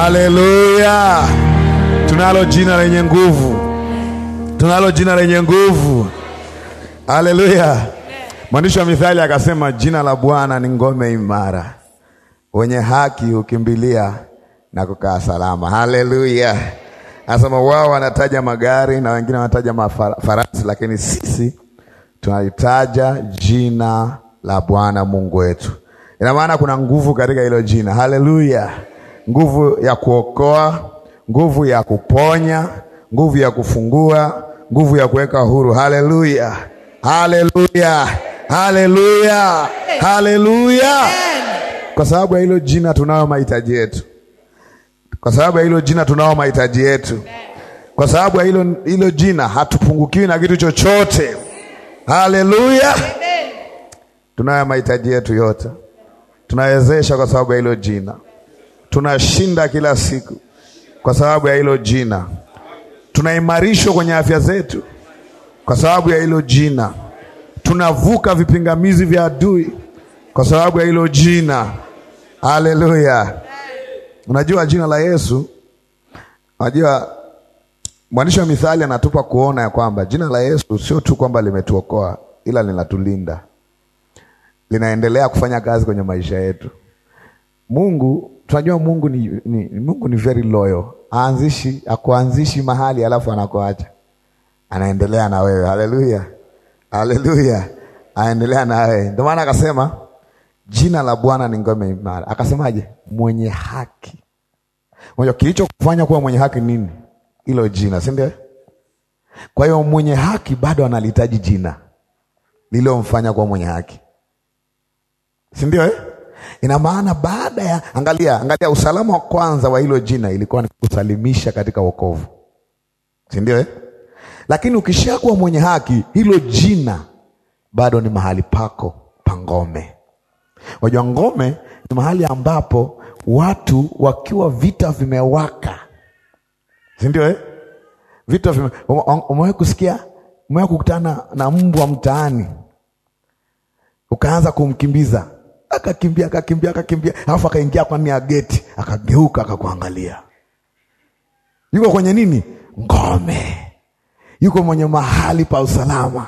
Haleluya! Tunalo jina lenye nguvu, tunalo jina lenye nguvu. Haleluya! Mwandishi wa Mithali akasema, jina la Bwana ni ngome imara, wenye haki hukimbilia na kukaa salama. Haleluya! Anasema wao wanataja magari na wengine wanataja mafarasi, lakini sisi tunalitaja jina la Bwana Mungu wetu. Ina maana kuna nguvu katika hilo jina. Haleluya! nguvu ya kuokoa, nguvu ya kuponya, nguvu ya kufungua, nguvu ya kuweka huru. Haleluya, haleluya, haleluya, haleluya! Kwa sababu ya hilo jina tunayo mahitaji yetu, kwa sababu ya hilo jina tunayo mahitaji yetu, kwa sababu ya hilo hilo jina hatupungukiwi na kitu chochote. Haleluya, tunayo mahitaji yetu yote, tunawezesha kwa sababu ya hilo jina tunashinda kila siku kwa sababu ya hilo jina. Tunaimarishwa kwenye afya zetu kwa sababu ya hilo jina. Tunavuka vipingamizi vya adui kwa sababu ya hilo jina. Haleluya! Unajua jina la Yesu, unajua mwandishi wa Mithali anatupa kuona ya kwamba jina la Yesu sio tu kwamba limetuokoa, ila linatulinda, linaendelea kufanya kazi kwenye maisha yetu. Mungu tunajua Mungu ni, ni, Mungu ni very loyal. Aanzishi, akuanzishi mahali alafu anakuacha. Anaendelea na wewe. Haleluya. Haleluya. Aendelea na wewe. Ndio maana akasema jina la Bwana ni ngome imara. Akasemaje? Mwenye haki. Unajua kilichokufanya kuwa mwenye haki nini? Hilo jina, si ndio? Kwa hiyo mwenye haki bado analihitaji jina lililomfanya kuwa mwenye haki, si ndio eh? Ina maana baada ya angalia, angalia usalama wa kwanza wa hilo jina ilikuwa ni kusalimisha katika wokovu, si ndio eh? Lakini ukishakuwa mwenye haki, hilo jina bado ni mahali pako pa ngome. Wajua, ngome ni mahali ambapo watu wakiwa vita vimewaka, si ndio eh? Vita vime umewahi kusikia, umewahi kukutana na mbwa mtaani ukaanza kumkimbiza akakimbia akakimbia akakimbia, alafu akaingia kwa nia geti, akageuka akakuangalia. Yuko kwenye nini? Ngome. Yuko mwenye mahali pa usalama.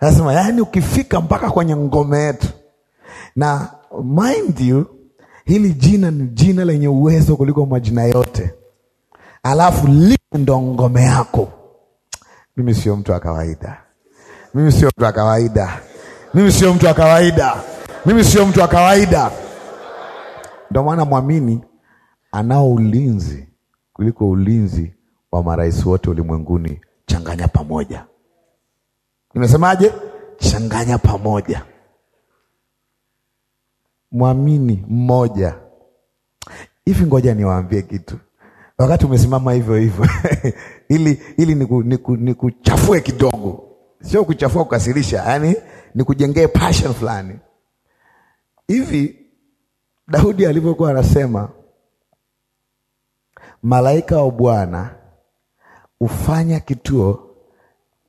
Lazima yaani, ukifika mpaka kwenye ngome yetu. Na mind you, hili jina ni jina lenye uwezo kuliko majina yote, alafu li ndo ngome yako. Mimi sio mtu wa kawaida, mimi sio mtu wa kawaida, mimi sio mtu wa kawaida. Mimi sio mtu wa kawaida. Ndio maana mwamini anao ulinzi kuliko ulinzi wa marais wote ulimwenguni. Changanya pamoja, nimesemaje? Changanya pamoja, mwamini mmoja hivi. Ngoja niwaambie kitu, wakati umesimama hivyo hivyo ili ili nikuchafue kidogo, sio kuchafua, kukasirisha, yaani nikujengee passion fulani Hivi Daudi alipokuwa anasema malaika wa Bwana hufanya kituo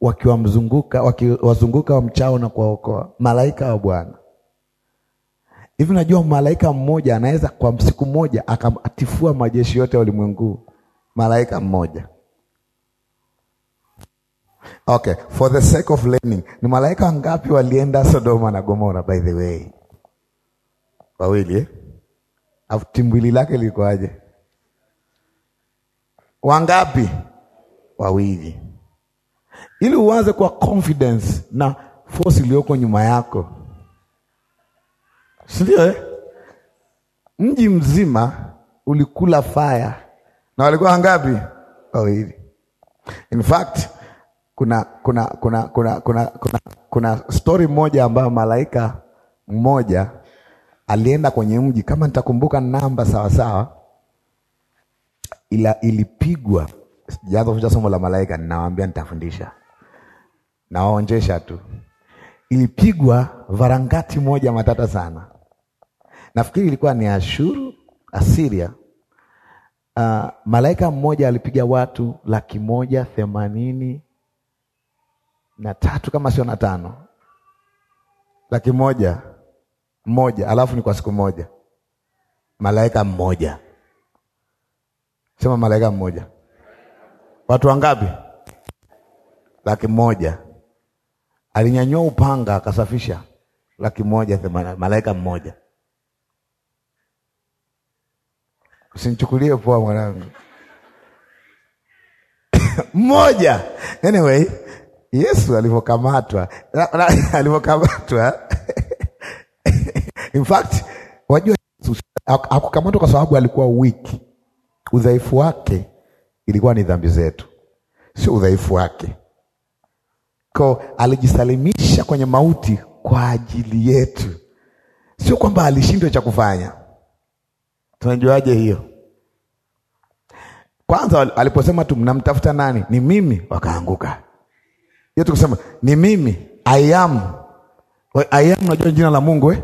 wakiwamzunguka wakiwazunguka wamchao na kuwaokoa, malaika wa Bwana. Hivi najua malaika mmoja anaweza kwa msiku mmoja akatifua majeshi yote ya ulimwengu, malaika mmoja. Okay, for the sake of learning, ni malaika wangapi walienda Sodoma na Gomora by the way? wawili eh? Afu timbwili lake lilikuwaje? Wangapi? Wawili. Ili uanze kwa confidence na force iliyoko nyuma yako, si ndio eh? Mji mzima ulikula fire na walikuwa wangapi? Wawili. In fact kuna kuna kuna kuna kuna kuna, kuna story moja ambayo malaika mmoja alienda kwenye mji, kama nitakumbuka namba sawasawa, ila ilipigwa jaza somo la malaika, ninawaambia nitafundisha, nawaonjesha tu. Ilipigwa varangati moja matata sana, nafikiri ilikuwa ni Ashuru Asiria. Uh, malaika mmoja alipiga watu laki moja themanini na tatu kama sio na tano, laki moja moja, alafu ni kwa siku moja, malaika mmoja. Sema malaika mmoja. Watu wangapi? Laki moja. Alinyanyua upanga akasafisha laki moja themanini, malaika mmoja. Usinichukulie poa mwanangu. Mmoja. Anyway, Yesu alivyokamatwa alivyokamatwa In fact, wajua hakukamatwa kwa sababu alikuwa wiki. Udhaifu wake ilikuwa ni dhambi zetu, sio udhaifu wake. ko alijisalimisha kwenye mauti kwa ajili yetu, sio kwamba alishindwa cha kufanya. Tunajuaje hiyo? Kwanza aliposema tu mnamtafuta nani? Ni mimi, wakaanguka. Hiyo tukisema ni mimi I am I am, jina la Mungu eh?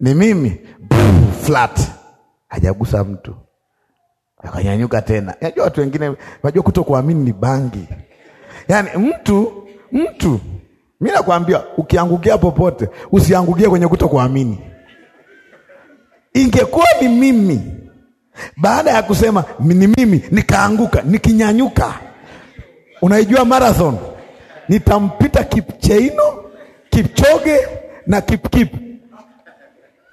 ni mimi Boom, flat hajagusa mtu, akanyanyuka tena. Najua watu wengine najua kuto kuamini ni bangi, yaani mtu mtu, mi nakwambia ukiangukia popote usiangukie kwenye kuto kuamini. Ingekuwa ni mimi, baada ya kusema ni mimi nikaanguka, nikinyanyuka, unaijua marathon, nitampita Kipcheino, Kipchoge na Kipkip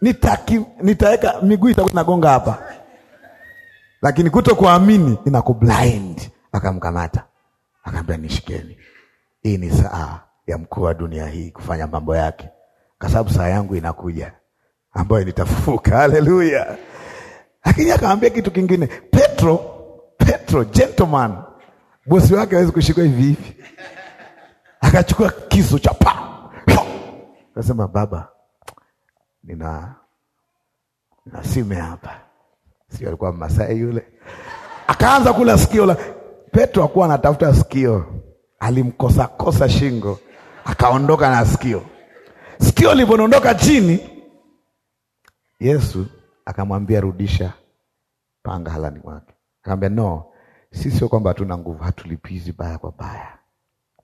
nitaki nitaweka miguu itakuwa inagonga hapa, lakini kutokuamini inakublind. Akamkamata akaambia, nishikeni, hii ni saa ya mkuu wa dunia hii kufanya mambo yake, kwa sababu saa yangu inakuja ambayo nitafufuka. Haleluya! Lakini akamwambia kitu kingine, Petro, Petro gentleman, bosi wake hawezi kushikwa hivi hivi. Akachukua kisu cha pa, akasema baba nina na sime hapa, sio? Alikuwa Masai yule, akaanza kula sikio la Petro. Akuwa anatafuta sikio, alimkosa kosa shingo, akaondoka na sikio. Sikio lilipoondoka chini, Yesu akamwambia rudisha panga halani mwake. Akamwambia no, sisi sio kwamba hatuna nguvu, hatulipizi baya kwa baya.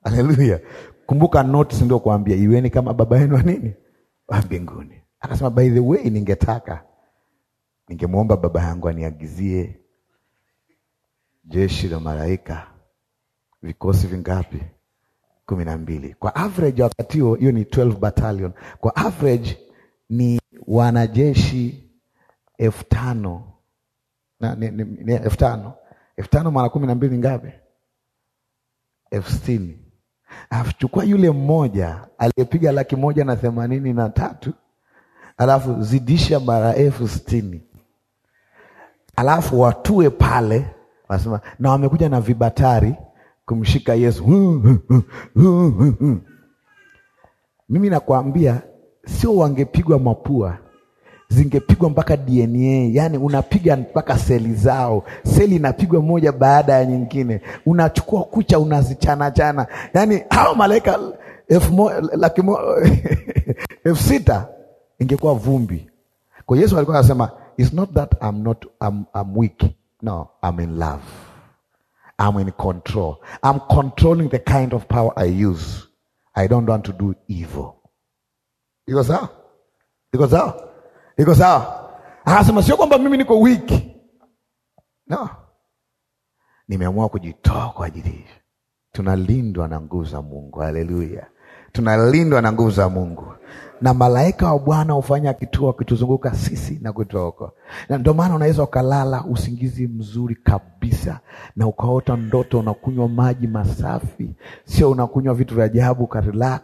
Haleluya! Kumbuka notes ndio kuambia iweni kama baba yenu wa nini wa mbinguni. Akasema by the way, ningetaka ningemwomba baba yangu aniagizie jeshi la malaika vikosi vingapi? kumi na mbili. Kwa average wakati huo, hiyo ni 12 battalion. Kwa average ni wanajeshi elfu tano elfu tano elfu tano mara kumi na mbili ngapi? elfu sitini. Afuchukua yule mmoja aliyepiga laki moja na themanini na tatu alafu zidisha mara elfu sitini alafu watue pale, wasema na wamekuja na vibatari kumshika Yesu. Mimi nakwambia sio, wangepigwa mapua, zingepigwa mpaka DNA. Yani unapiga mpaka seli zao, seli inapigwa moja baada ya nyingine, unachukua kucha unazichanachana. Yani hao malaika elfu laki elfu sita ingekuwa vumbi. Kwa Yesu alikuwa anasema it's not that I'm not I'm, I'm weak no I'm in love I'm in control I'm controlling the kind of power I use I don't want to do evil. Iko sawa? Iko sawa? Iko sawa? Akasema sio kwamba mimi niko wiki, no, nimeamua kujitoa kwa ajili hiyo. Tunalindwa na nguvu za Mungu. Haleluya, tunalindwa na nguvu za Mungu na malaika wa Bwana hufanya kituo akituzunguka sisi na kutuokoa. Na ndio maana unaweza ukalala usingizi mzuri kabisa na ukaota ndoto unakunywa maji masafi, sio unakunywa vitu vya ajabu, ka relax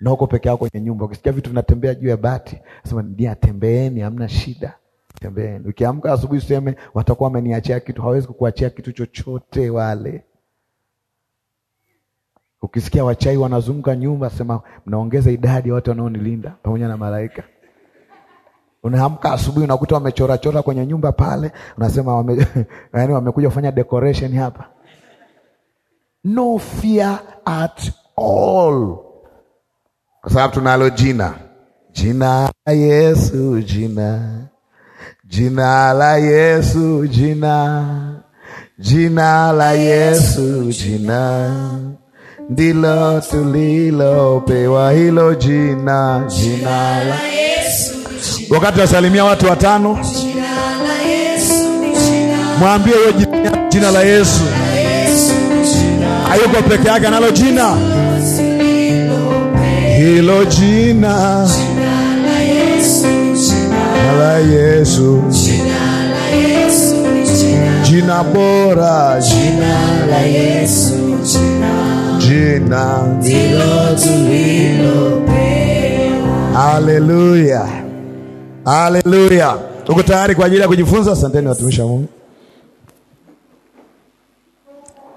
na uko peke yako kwenye nyumba, ukisikia vitu vinatembea juu ya bati, sema ndia, tembeeni, hamna shida, tembeeni. Ukiamka asubuhi useme watakuwa wameniachia kitu. Hawezi kukuachia kitu chochote wale Ukisikia wachai wanazunguka nyumba, sema mnaongeza idadi ya watu wanaonilinda pamoja na malaika. Unaamka asubuhi unakuta wamechorachora kwenye nyumba pale, unasema wame, yani wamekuja kufanya decoration hapa. No fear at all, kwa sababu tunalo jina, jina la Yesu, jina jina la Yesu, jina jina la Yesu, jina ndilo tulilopewa hilo jina, jina la Yesu. Wakati wasalimia watu watano, mwambie hiyo jina, jina la Yesu. Hayuko peke yake, analo jina hilo, jina la Yesu, jina bora, jina la Yesu jina ndilo tulilopewa. Haleluya, haleluya! Uko tayari kwa ajili ya kujifunza? Asanteni watumishi wa Mungu.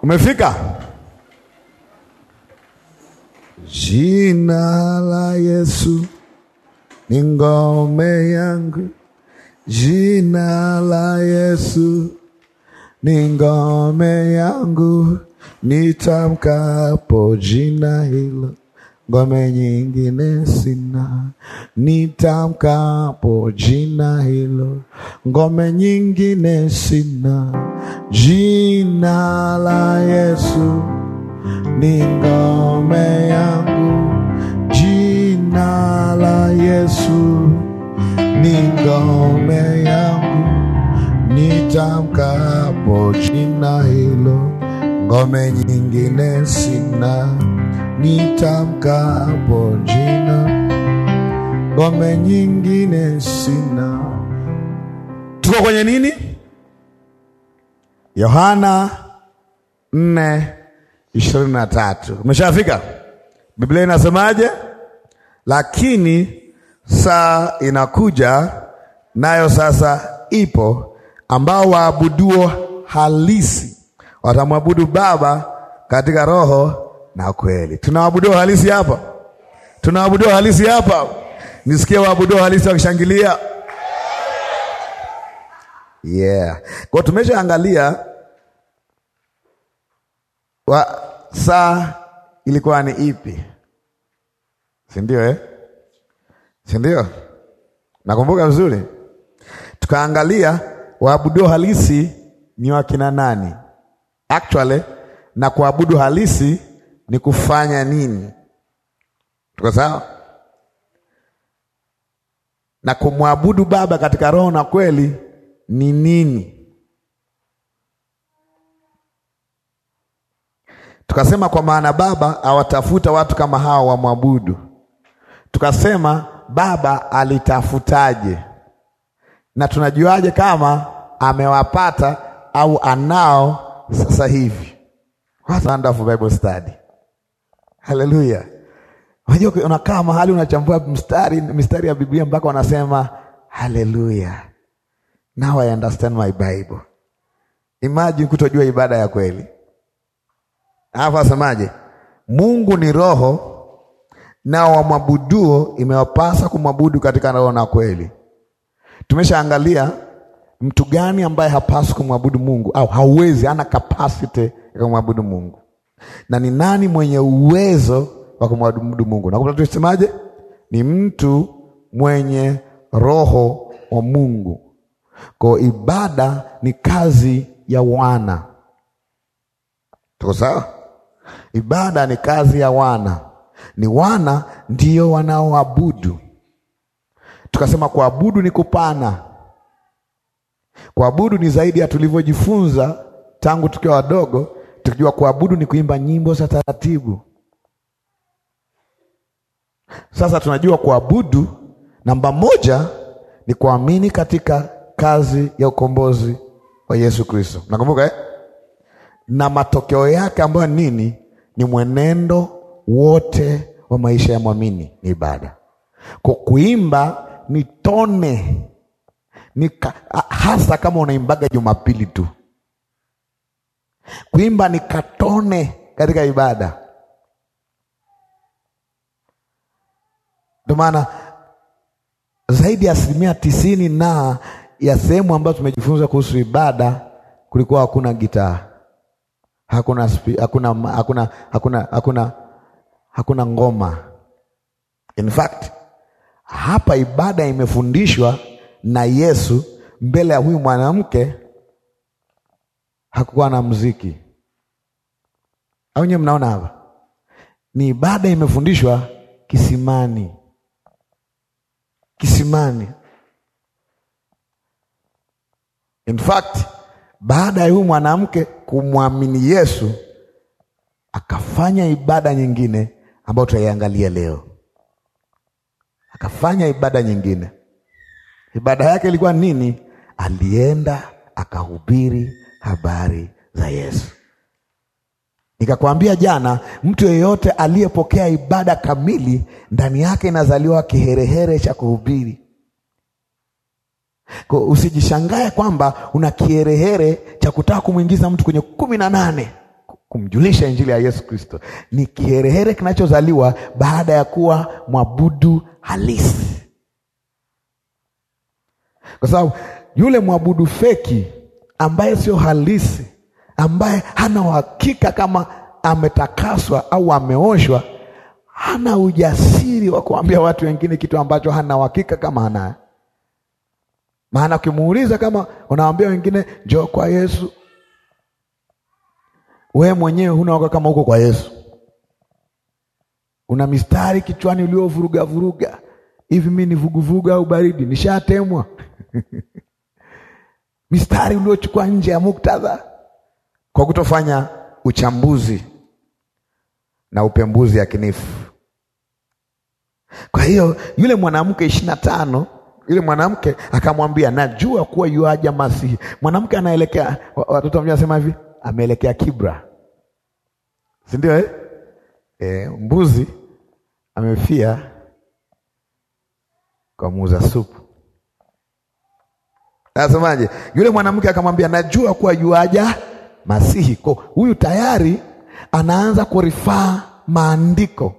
Umefika jina la Yesu ni ngome yangu, jina la Yesu ni ngome yangu nitamkapo jina hilo, ngome nyingine sina. Nitamkapo jina hilo, ngome nyingine sina. Jina la Yesu ni ngome yangu, jina la Yesu ni ngome yangu, nitamkapo jina hilo ngome nyingine sina, nitamkapo jina, ngome nyingine sina. Tuko kwenye nini? Yohana nne ishirini na tatu. Umeshafika? Biblia inasemaje? Lakini saa inakuja nayo sasa ipo, ambao waabuduo halisi watamwabudu Baba katika roho na kweli. Tunawabudu halisi hapa, tunawabudu halisi hapa. Nisikie waabudu halisi wakishangilia. Yeah, kwa tumeshaangalia wa saa ilikuwa ni ipi, si ndio eh? si ndio? Nakumbuka vizuri, tukaangalia waabudu halisi ni wakina nani? Actually na kuabudu halisi ni kufanya nini? Tuko sawa? Na kumwabudu Baba katika roho na kweli ni nini? Tukasema kwa maana Baba awatafuta watu kama hao wamwabudu. Tukasema Baba alitafutaje? Na tunajuaje kama amewapata au anao sasa hivi. What wonderful Bible study. Hallelujah. Unajua unakaa mahali unachambua mstari mistari ya Biblia mpaka wanasema haleluya. Now I understand my Bible. Imagine kutojua ibada ya kweli. Hapa asemaje? Mungu ni roho na wamwabuduo imewapasa kumwabudu katika roho na kweli. Tumeshaangalia Mtu gani ambaye hapaswi kumwabudu Mungu au hauwezi, ana capacity ya kumwabudu Mungu, na ni nani mwenye uwezo wa kumwabudu Mungu? Nakumbuka tusemaje? Ni mtu mwenye roho wa Mungu. Kwa ibada ni kazi ya wana, tuko sawa? Ibada ni kazi ya wana, ni wana ndio wanaoabudu. Tukasema kuabudu ni kupana Kuabudu ni zaidi ya tulivyojifunza tangu tukiwa wadogo, tukijua kuabudu ni kuimba nyimbo za taratibu. Sasa tunajua kuabudu, namba moja ni kuamini katika kazi ya ukombozi wa Yesu Kristo. Nakumbuka eh? Na matokeo yake ambayo nini? Ni mwenendo wote wa maisha ya mwamini ni ibada. Kwa kuimba ni tone ni ka, a, hasa kama unaimbaga Jumapili tu. Kuimba ni katone katika ibada. Ndio maana zaidi ya asilimia tisini na ya sehemu ambazo tumejifunza kuhusu ibada kulikuwa hakuna gitaa, hakuna hakuna hakuna hakuna hakuna hakuna ngoma. In fact hapa ibada imefundishwa na Yesu mbele ya huyu mwanamke hakukuwa na mziki au nyewe mnaona hapa ni ibada imefundishwa kisimani kisimani in fact baada ya huyu mwanamke kumwamini Yesu akafanya ibada nyingine ambayo tutaiangalia leo akafanya ibada nyingine ibada yake ilikuwa nini alienda akahubiri habari za Yesu. Nikakwambia jana, mtu yeyote aliyepokea ibada kamili ndani yake inazaliwa kiherehere cha kuhubiri. Kwa usijishangae kwamba una kiherehere cha kutaka kumwingiza mtu kwenye kumi na nane kumjulisha injili ya Yesu Kristo. Ni kiherehere kinachozaliwa baada ya kuwa mwabudu halisi, kwa sababu yule mwabudu feki ambaye sio halisi, ambaye hana uhakika kama ametakaswa au ameoshwa, hana ujasiri wa kuambia watu wengine kitu ambacho hana uhakika kama hana. Maana ukimuuliza kama unawaambia wengine njoo kwa Yesu, wee mwenyewe huna kama huko kwa Yesu, una mistari kichwani uliovuruga vuruga hivi, mi ni vuguvugu au baridi, nishatemwa mistari uliochukua nje ya muktadha kwa kutofanya uchambuzi na upembuzi yakinifu. Kwa hiyo yule mwanamke ishirini na tano yule mwanamke akamwambia, najua kuwa yuaja Masihi. Mwanamke anaelekea, watoto wamjua anasema hivi, ameelekea Kibra, si ndio eh? E, mbuzi amefia kwa muuza supu Nasemaje? Yule mwanamke akamwambia, najua kuwa yuaja Masihi. Kwa huyu tayari anaanza kurifaa maandiko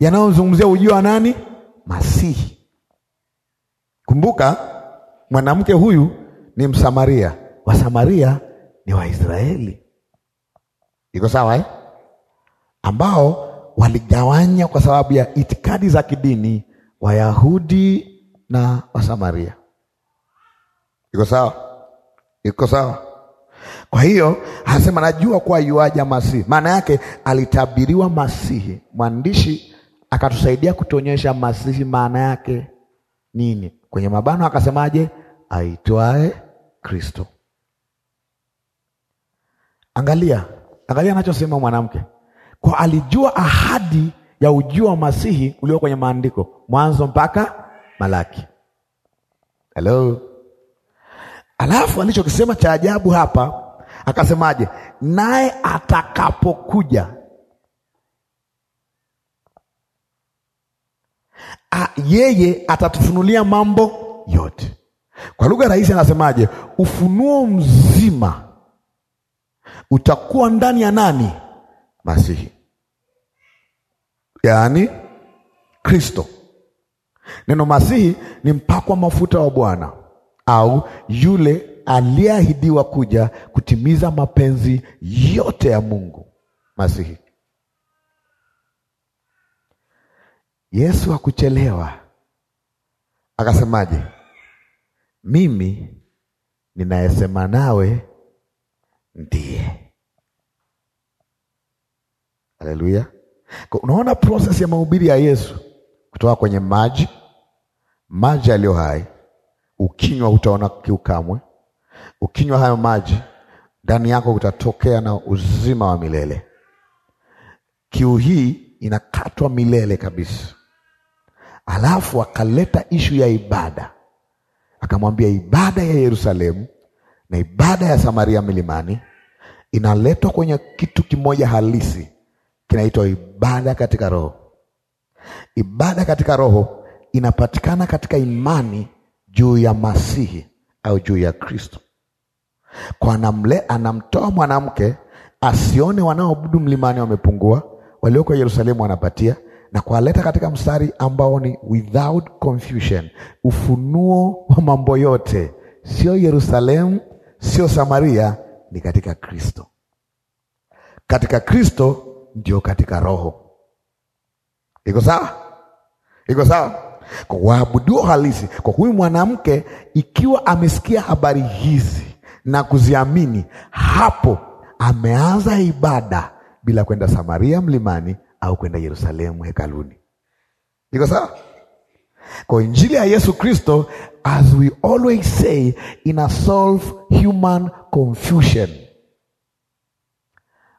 yanayozungumzia ujio wa nani? Masihi. Kumbuka mwanamke huyu ni Msamaria, Wasamaria ni Waisraeli, iko sawa eh? ambao waligawanya kwa sababu ya itikadi za kidini, Wayahudi na Wasamaria iko sawa? Iko sawa? Kwa hiyo anasema najua kuwa yuaja Masihi. Maana yake alitabiriwa Masihi, mwandishi akatusaidia kutuonyesha Masihi maana yake nini. Kwenye mabano akasemaje? Aitwae Kristo. Angalia, angalia anachosema mwanamke, kwa alijua ahadi ya ujio wa Masihi ulio kwenye maandiko, Mwanzo mpaka Malaki. Hello. Alafu alichokisema cha ajabu hapa akasemaje? Naye atakapokuja A, yeye atatufunulia mambo yote. Kwa lugha rahisi anasemaje? Ufunuo mzima utakuwa ndani ya nani? Masihi, yaani Kristo. Neno masihi ni mpakwa mafuta wa Bwana au yule aliyeahidiwa kuja kutimiza mapenzi yote ya Mungu, Masihi. Yesu hakuchelewa, akasemaje? Mimi ninayesema nawe ndiye. Haleluya! Unaona proses ya mahubiri ya Yesu kutoka kwenye maji, maji yaliyo hai ukinywa utaona kiu kamwe. Ukinywa hayo maji ndani yako utatokea na uzima wa milele. Kiu hii inakatwa milele kabisa. Alafu akaleta ishu ya ibada, akamwambia ibada ya Yerusalemu na ibada ya Samaria milimani inaletwa kwenye kitu kimoja halisi kinaitwa ibada katika Roho. Ibada katika Roho inapatikana katika imani juu ya Masihi au juu ya Kristo, kwa namle anamtoa mwanamke asione wanaoabudu mlimani wamepungua, walioko Yerusalemu wanapatia na kuwaleta katika mstari ambao ni without confusion, ufunuo wa mambo yote, sio Yerusalemu, sio Samaria, ni katika Kristo. Katika Kristo ndio katika Roho. Iko sawa? Iko sawa? Kwa waabuduo halisi. Kwa huyu mwanamke, ikiwa amesikia habari hizi na kuziamini, hapo ameanza ibada bila kwenda Samaria mlimani au kwenda Yerusalemu hekaluni. Niko sawa? Kwa injili ya Yesu Kristo, as we always say, ina solve human confusion.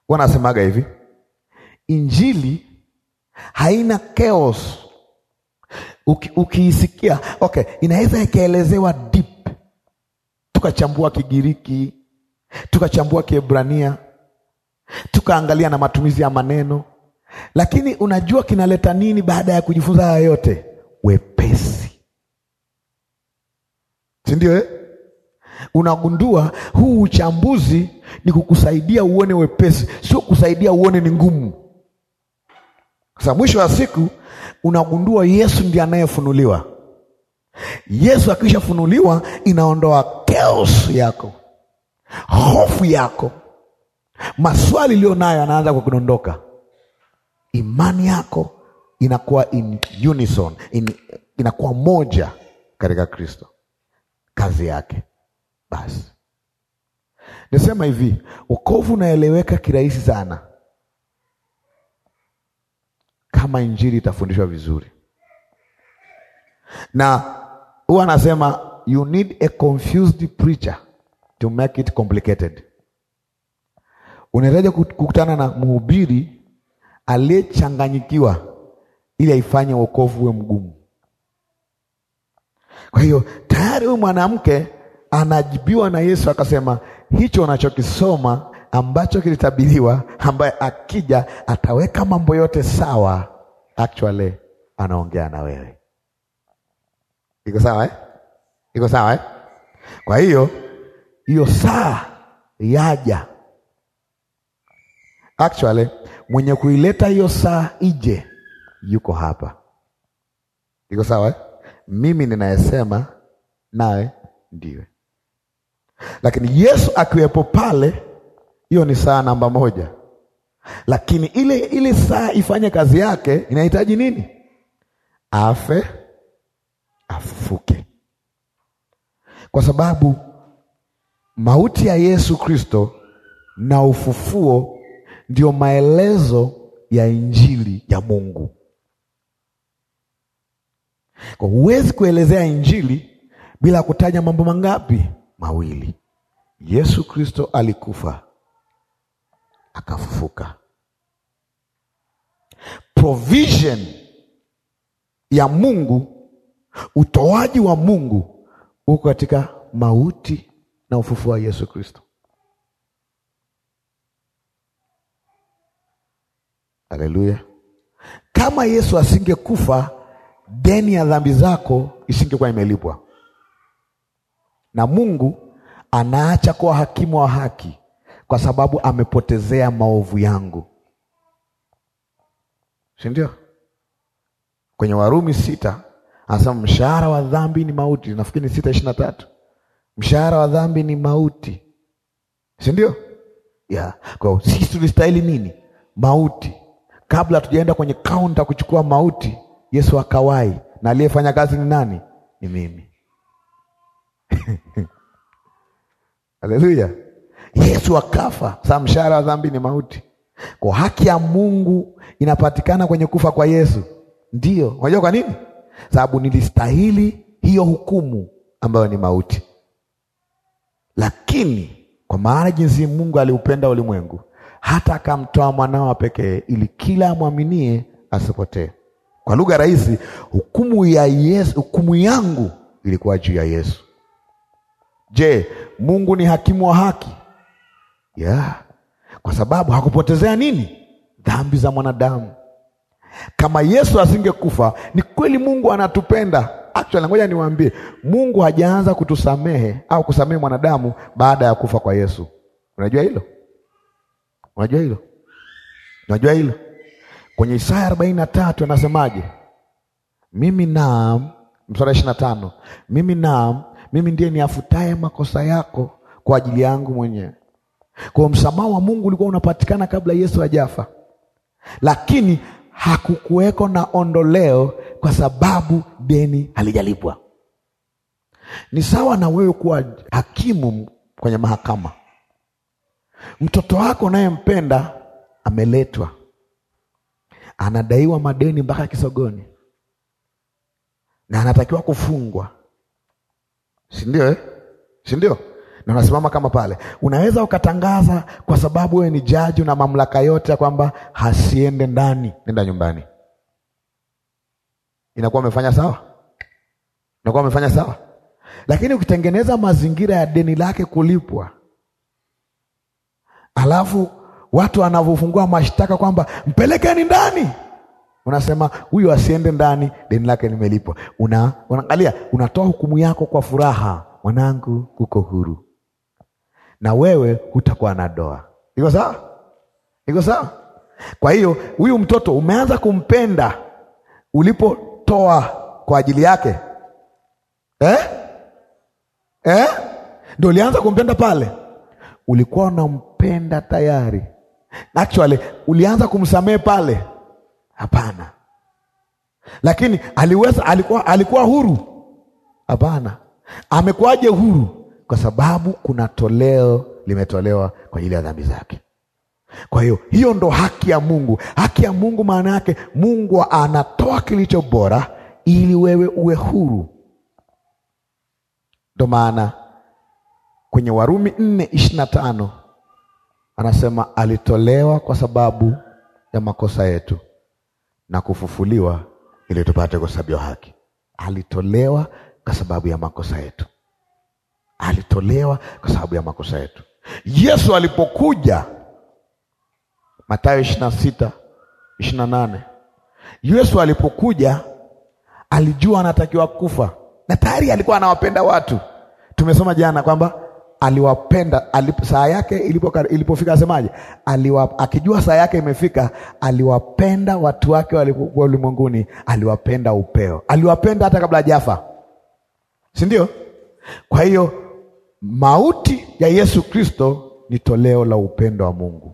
Wanasemaga hivi, injili haina chaos uki, ukiisikia okay, inaweza ikaelezewa deep, tukachambua Kigiriki, tukachambua Kiebrania, tukaangalia na matumizi ya maneno, lakini unajua kinaleta nini baada ya kujifunza haya yote? Wepesi, si ndio? Eh, unagundua huu uchambuzi ni kukusaidia uone wepesi, sio kusaidia uone ni ngumu. Sasa mwisho wa siku unagundua Yesu ndiye anayefunuliwa. Yesu akishafunuliwa, inaondoa chaos yako, hofu yako, maswali iliyo nayo yanaanza kukudondoka Imani yako inakuwa in unison, in, inakuwa moja katika Kristo, kazi yake. Basi nisema hivi, wokovu unaeleweka kirahisi sana kama injili itafundishwa vizuri. Na huwa anasema you need a confused preacher to make it complicated. Unahitaji kukutana na mhubiri aliyechanganyikiwa ili aifanye wokovu uwe mgumu. Kwa hiyo tayari huyu mwanamke anajibiwa na Yesu akasema, hicho unachokisoma ambacho kilitabiriwa, ambaye akija ataweka mambo yote sawa. Actually anaongea na wewe, iko sawa eh? iko sawa eh? Kwa hiyo hiyo saa yaja, actually mwenye kuileta hiyo saa ije yuko hapa, iko sawa eh? Mimi ninayesema nawe ndiwe, lakini Yesu akiwepo pale hiyo ni saa namba moja, lakini ile ile saa ifanye kazi yake inahitaji nini? Afe afufuke, kwa sababu mauti ya Yesu Kristo na ufufuo ndio maelezo ya injili ya Mungu. Kwa huwezi kuelezea injili bila kutaja mambo mangapi? Mawili. Yesu Kristo alikufa akafufuka. Provision ya Mungu, utoaji wa Mungu uko katika mauti na ufufuo wa Yesu Kristo. Haleluya! Kama Yesu asingekufa, deni ya dhambi zako isingekuwa imelipwa, na Mungu anaacha kuwa hakimu wa haki kwa sababu amepotezea maovu yangu, si ndio? Kwenye Warumi sita anasema mshahara wa dhambi ni mauti. Nafikiri ni sita ishirini na tatu mshahara wa dhambi ni mauti, si ndio? Yeah. Kwa hiyo sisi tulistahili nini? Mauti. Kabla tujaenda kwenye kaunta kuchukua mauti, Yesu akawai, na aliyefanya kazi ni nani? Ni mimi. Haleluya. Yesu akafa. saa mshahara wa dhambi ni mauti, kwa haki ya Mungu inapatikana kwenye kufa kwa Yesu. Ndio unajua kwa nini? Sababu nilistahili hiyo hukumu ambayo ni mauti, lakini kwa maana jinsi Mungu aliupenda ulimwengu hata akamtoa mwanao pekee, ili kila amwaminie asipotee. Kwa lugha rahisi, hukumu ya Yesu, hukumu yangu ilikuwa juu ya Yesu. Je, Mungu ni hakimu wa haki? yeah. Kwa sababu hakupotezea nini? Dhambi za mwanadamu. Kama Yesu asingekufa, ni kweli Mungu anatupenda. Actually, ngoja niwaambie, Mungu hajaanza kutusamehe au kusamehe mwanadamu baada ya kufa kwa Yesu. Unajua hilo? Unajua hilo? Unajua hilo? Kwenye Isaya arobaini na tatu anasemaje? Mimi naam, mstari ishirini na tano mimi naam, mimi ndiye niafutaye makosa yako kwa ajili yangu mwenyewe kwa msamaha wa Mungu ulikuwa unapatikana kabla Yesu hajafa, lakini hakukuweko na ondoleo kwa sababu deni halijalipwa. Ni sawa na wewe kuwa hakimu kwenye mahakama, mtoto wako unayempenda ameletwa, anadaiwa madeni mpaka kisogoni na anatakiwa kufungwa, si ndio eh? si ndio? na unasimama kama pale. Unaweza ukatangaza kwa sababu wewe ni jaji na mamlaka yote ya kwamba hasiende ndani, nenda nyumbani. Inakuwa umefanya sawa, inakuwa umefanya sawa, lakini ukitengeneza mazingira ya deni lake kulipwa, alafu watu wanavyofungua mashtaka kwamba mpelekeni ndani unasema huyu asiende ndani, deni lake limelipwa. unaangalia unatoa hukumu yako kwa furaha, mwanangu uko huru na wewe hutakuwa na doa. Iko sawa? Iko sawa? Kwa hiyo huyu mtoto umeanza kumpenda ulipotoa kwa ajili yake eh? Eh? Ndio ulianza kumpenda pale, ulikuwa unampenda tayari. Actually ulianza kumsamehe pale? Hapana. Lakini aliweza, alikuwa, alikuwa huru? Hapana. Amekuwaje huru? kwa sababu kuna toleo limetolewa kwa ajili ya dhambi zake. Kwa hiyo hiyo ndo haki ya Mungu. Haki ya Mungu maana yake Mungu anatoa kilicho bora ili wewe uwe huru. Ndo maana kwenye Warumi nne ishirini na tano anasema alitolewa kwa sababu ya makosa yetu na kufufuliwa ili tupate kuhesabiwa haki. Alitolewa kwa sababu ya makosa yetu alitolewa kwa sababu ya makosa yetu. Yesu alipokuja, Mathayo ishirini na sita ishirini na nane Yesu alipokuja alijua anatakiwa kufa na tayari alikuwa anawapenda watu. Tumesoma jana kwamba aliwapenda alip, saa yake ilipofika ilipo asemaje? Aliwa, akijua saa yake imefika, aliwapenda watu wake walipokuwa ulimwenguni, aliwapenda upeo, aliwapenda hata kabla jafa si ndio? Kwa hiyo Mauti ya Yesu Kristo ni toleo la upendo wa Mungu.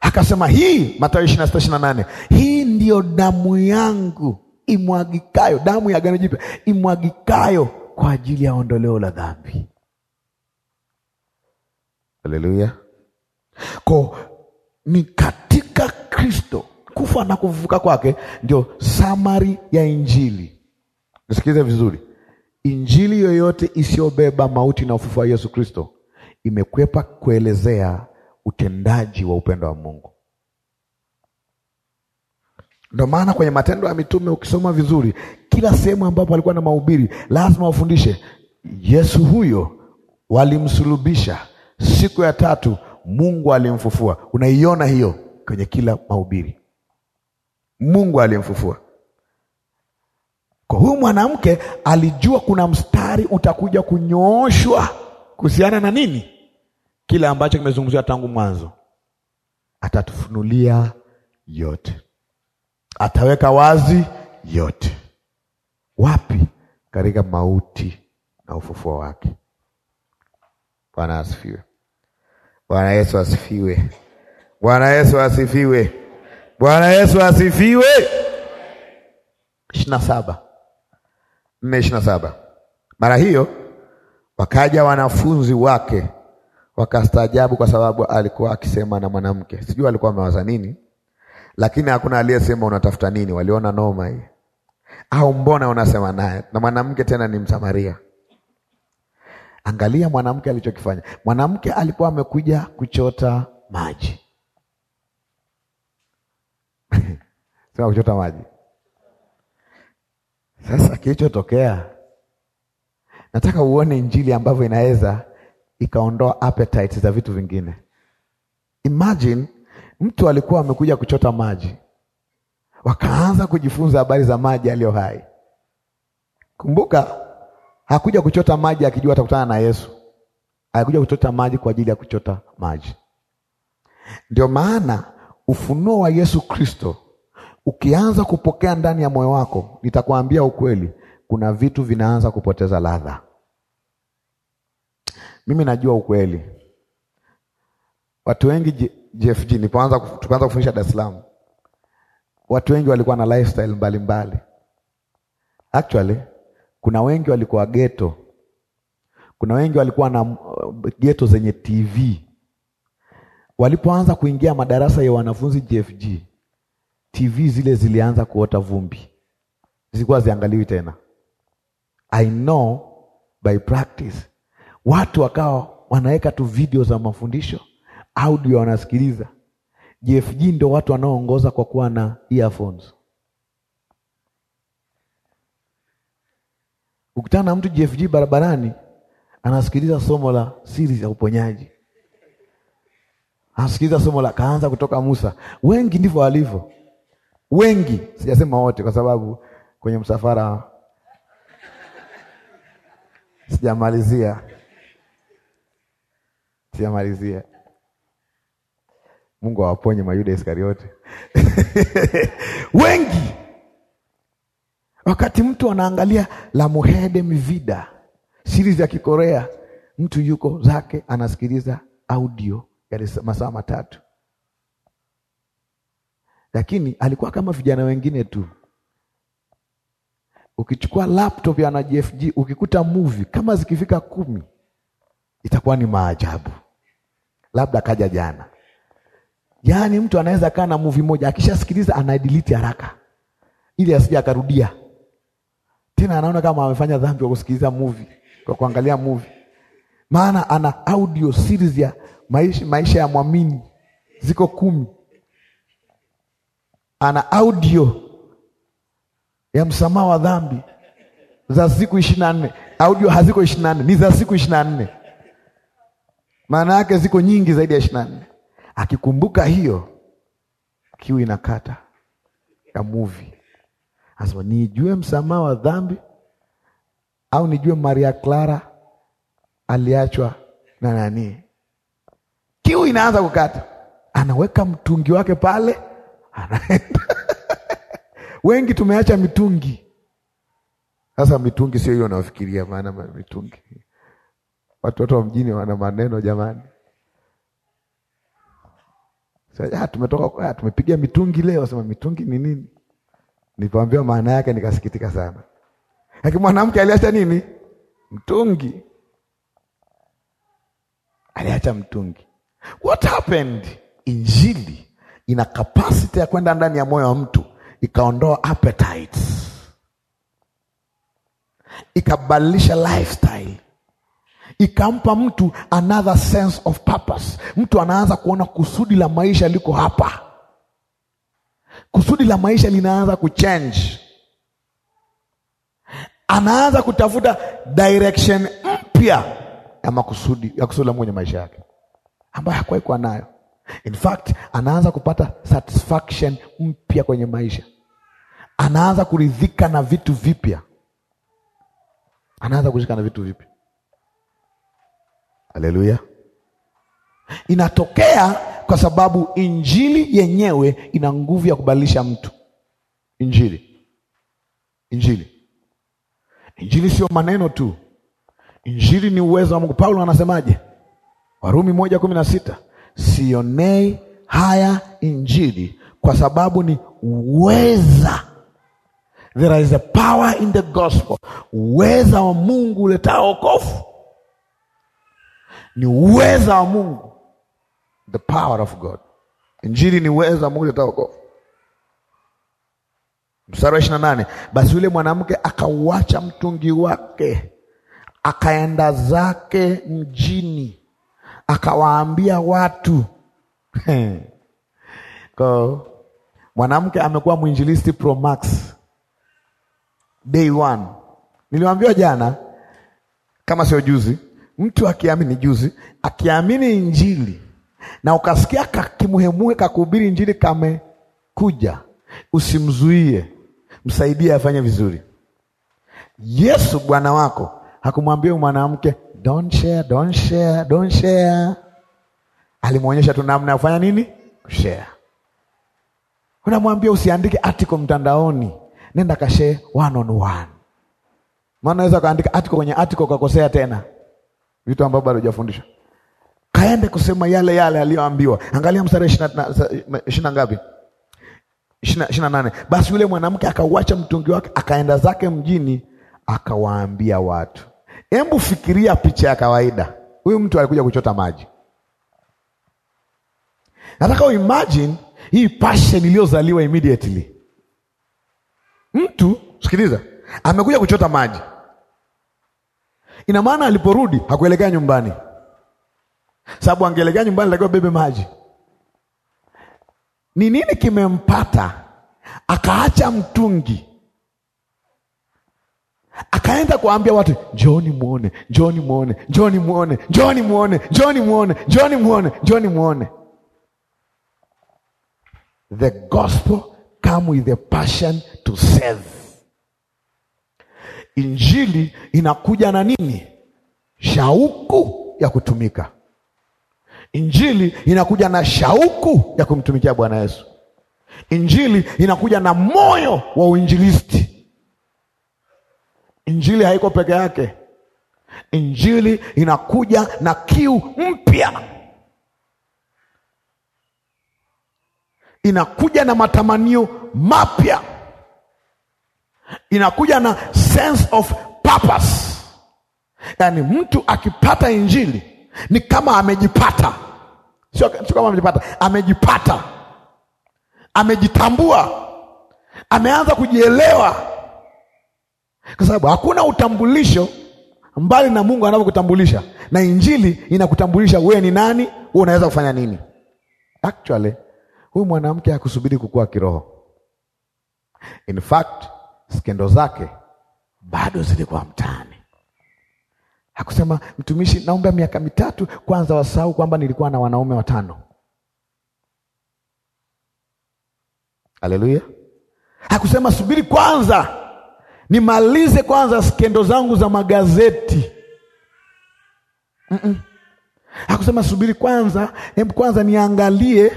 Akasema hii, Mathayo 26:28, hii ndiyo damu yangu imwagikayo, damu ya agano jipya imwagikayo kwa ajili ya ondoleo la dhambi. Haleluya! ko ni katika Kristo kufa na kufufuka kwake ndio samari ya Injili. Nisikilize vizuri Injili yoyote isiyobeba mauti na ufufuo wa Yesu Kristo imekwepa kuelezea utendaji wa upendo wa Mungu. Ndio maana kwenye Matendo ya Mitume ukisoma vizuri, kila sehemu ambapo alikuwa na mahubiri lazima wafundishe Yesu huyo walimsulubisha, siku ya tatu Mungu alimfufua. Unaiona hiyo kwenye kila mahubiri, Mungu alimfufua mwanamke alijua kuna mstari utakuja kunyooshwa kuhusiana na nini, kile ambacho kimezungumziwa tangu mwanzo. Atatufunulia yote, ataweka wazi yote. Wapi? Katika mauti na ufufuo wake. Bwana asifiwe. Bwana Yesu asifiwe. Bwana Yesu asifiwe. Bwana Yesu asifiwe. ishirini na saba nne ishirini na saba mara hiyo wakaja wanafunzi wake wakastaajabu, kwa sababu alikuwa akisema na mwanamke. Sijui alikuwa amewaza nini, lakini hakuna aliyesema unatafuta nini. Waliona noma hii, au mbona unasema naye na mwanamke, tena ni Msamaria. Angalia mwanamke alichokifanya. Mwanamke alikuwa amekuja kuchota maji sema kuchota maji sasa kilichotokea, nataka uone injili ambavyo inaweza ikaondoa appetite za vitu vingine. Imagine mtu alikuwa amekuja kuchota maji, wakaanza kujifunza habari za maji aliyo hai. Kumbuka hakuja kuchota maji akijua atakutana na Yesu, alikuja kuchota maji kwa ajili ya kuchota maji. Ndio maana ufunuo wa Yesu Kristo Ukianza kupokea ndani ya moyo wako, nitakwambia ukweli, kuna vitu vinaanza kupoteza ladha. Mimi najua ukweli. Watu wengi JFG, nipoanza tukaanza kufundisha Dar es Salaam, watu wengi walikuwa na lifestyle mbalimbali mbali. Actually kuna wengi walikuwa geto, kuna wengi walikuwa na uh, geto zenye TV. Walipoanza kuingia madarasa ya wanafunzi JFG TV zile zilianza kuota vumbi, zilikuwa ziangaliwi tena. I know by practice, watu wakawa wanaweka tu video za mafundisho, audio wanasikiliza. JFG ndo watu wanaoongoza kwa kuwa na earphones. Ukutana na mtu JFG barabarani anasikiliza somo la siri za uponyaji, anasikiliza somo la kaanza kutoka Musa. Wengi ndivyo walivyo wengi, sijasema wote, kwa sababu kwenye msafara sijamalizia, sijamalizia. Mungu awaponye Mayuda Iskariote wengi. Wakati mtu anaangalia Lamuhede Mvida series ya Kikorea, mtu yuko zake anasikiliza audio ya masaa matatu lakini alikuwa kama vijana wengine tu. Ukichukua laptop ya na ukikuta movie kama zikifika kumi itakuwa ni maajabu, labda kaja jana. Yaani mtu anaweza kaa na movie moja, akishasikiliza anaidelete haraka ili asije akarudia tena, anaona kama amefanya dhambi kwa kusikiliza movie, kwa kuangalia movie. Maana ana audio series ya maisha, maisha ya mwamini ziko kumi ana audio ya msamaha wa dhambi za siku ishirini na nne. Audio haziko ishirini na nne, ni za siku ishirini na nne. Maana yake ziko nyingi zaidi ya ishirini na nne. Akikumbuka hiyo, kiu inakata ya muvi, anasema nijue msamaha wa dhambi au nijue Maria Clara aliachwa na nani? Kiu inaanza kukata, anaweka mtungi wake pale anaenda wengi tumeacha mitungi. Sasa mitungi sio hiyo unafikiria, maana mitungi, watoto wa mjini wana maneno jamani. Sasa ah, tumetoka ah, tumepiga mitungi leo, sema mitungi ni nini? Nilipoambiwa maana yake nikasikitika sana, lakini mwanamke aliacha nini? Mtungi aliacha mtungi. What happened? Injili ina kapasiti ya kwenda ndani ya moyo wa mtu ikaondoa apetit ikabadilisha lifestyle, ikampa mtu another sense of purpose. Mtu anaanza kuona kusudi la maisha liko hapa, kusudi la maisha linaanza kuchange, anaanza kutafuta direction mpya ya makusudi ya kusudi la Mungu kwenye maisha yake ambayo hakuwahi kuwa nayo. In fact anaanza kupata satisfaction mpya kwenye maisha, anaanza kuridhika na vitu vipya, anaanza kuridhika na vitu vipya. Haleluya! Inatokea kwa sababu injili yenyewe ina nguvu ya kubadilisha mtu. Injili, injili, injili sio maneno tu, injili ni uwezo wa Mungu. Paulo anasemaje? Warumi moja kumi na sita sionei haya Injili, kwa sababu ni uweza, there is a power in the gospel, uweza wa Mungu uleta wokovu, ni uweza wa Mungu, the power of God. Injili ni uweza wa Mungu uleta wokovu. Mstari wa ishirini na nane basi yule mwanamke akauacha mtungi wake akaenda zake mjini akawaambia watu ko mwanamke amekuwa mwinjilisti pro max day one. Niliwaambiwa jana kama sio juzi, mtu akiamini juzi, akiamini injili na ukasikia kakimuhemuhe kakuhubiri injili kamekuja, usimzuie, msaidie afanye vizuri. Yesu Bwana wako hakumwambia mwanamke don't share, don't share, don't share. Alimwonyesha tu namna ya kufanya nini, kushare. Unamwambia usiandike article mtandaoni, nenda kashare one on one, maana naweza kaandika article kwenye article ukakosea tena vitu ambavyo bado hujafundisha. Kaende kusema yale yale aliyoambiwa. Angalia mstari ishirini na ngapi? ishirini na nane. Basi yule mwanamke akauacha mtungi wake akaenda zake mjini, akawaambia watu Hebu fikiria picha ya kawaida, huyu mtu alikuja kuchota maji. Nataka uimagine hii passion iliyozaliwa immediately. Mtu sikiliza, amekuja kuchota maji, ina maana aliporudi hakuelekea nyumbani, sababu angeelekea nyumbani takiwa bebe maji. Ni nini kimempata akaacha mtungi akaenda kuambia watu njoni mwone njoni mwone njoni mwone, njoni mwone, njoni mwone njoni mwone njoni mwone The gospel come with a passion to save. Injili inakuja na nini? Shauku ya kutumika. Injili inakuja na shauku ya kumtumikia Bwana Yesu. Injili inakuja na moyo wa uinjilisti. Injili haiko peke yake. Injili inakuja na kiu mpya, inakuja na matamanio mapya, inakuja na sense of purpose. Yaani mtu akipata injili ni kama amejipata, sio kama amejipata, amejipata, amejitambua, ameanza kujielewa kwa sababu hakuna utambulisho mbali na Mungu anavyokutambulisha, na injili inakutambulisha wewe ni nani, wewe unaweza kufanya nini. Actually huyu mwanamke hakusubiri kukua kiroho. In fact skendo zake bado zilikuwa mtaani. Hakusema mtumishi, naomba miaka mitatu kwanza, wasahau kwamba nilikuwa na wanaume watano. Haleluya! Hakusema subiri kwanza nimalize kwanza skendo zangu za magazeti. mm -mm. Akusema subiri kwanza, hebu kwanza niangalie,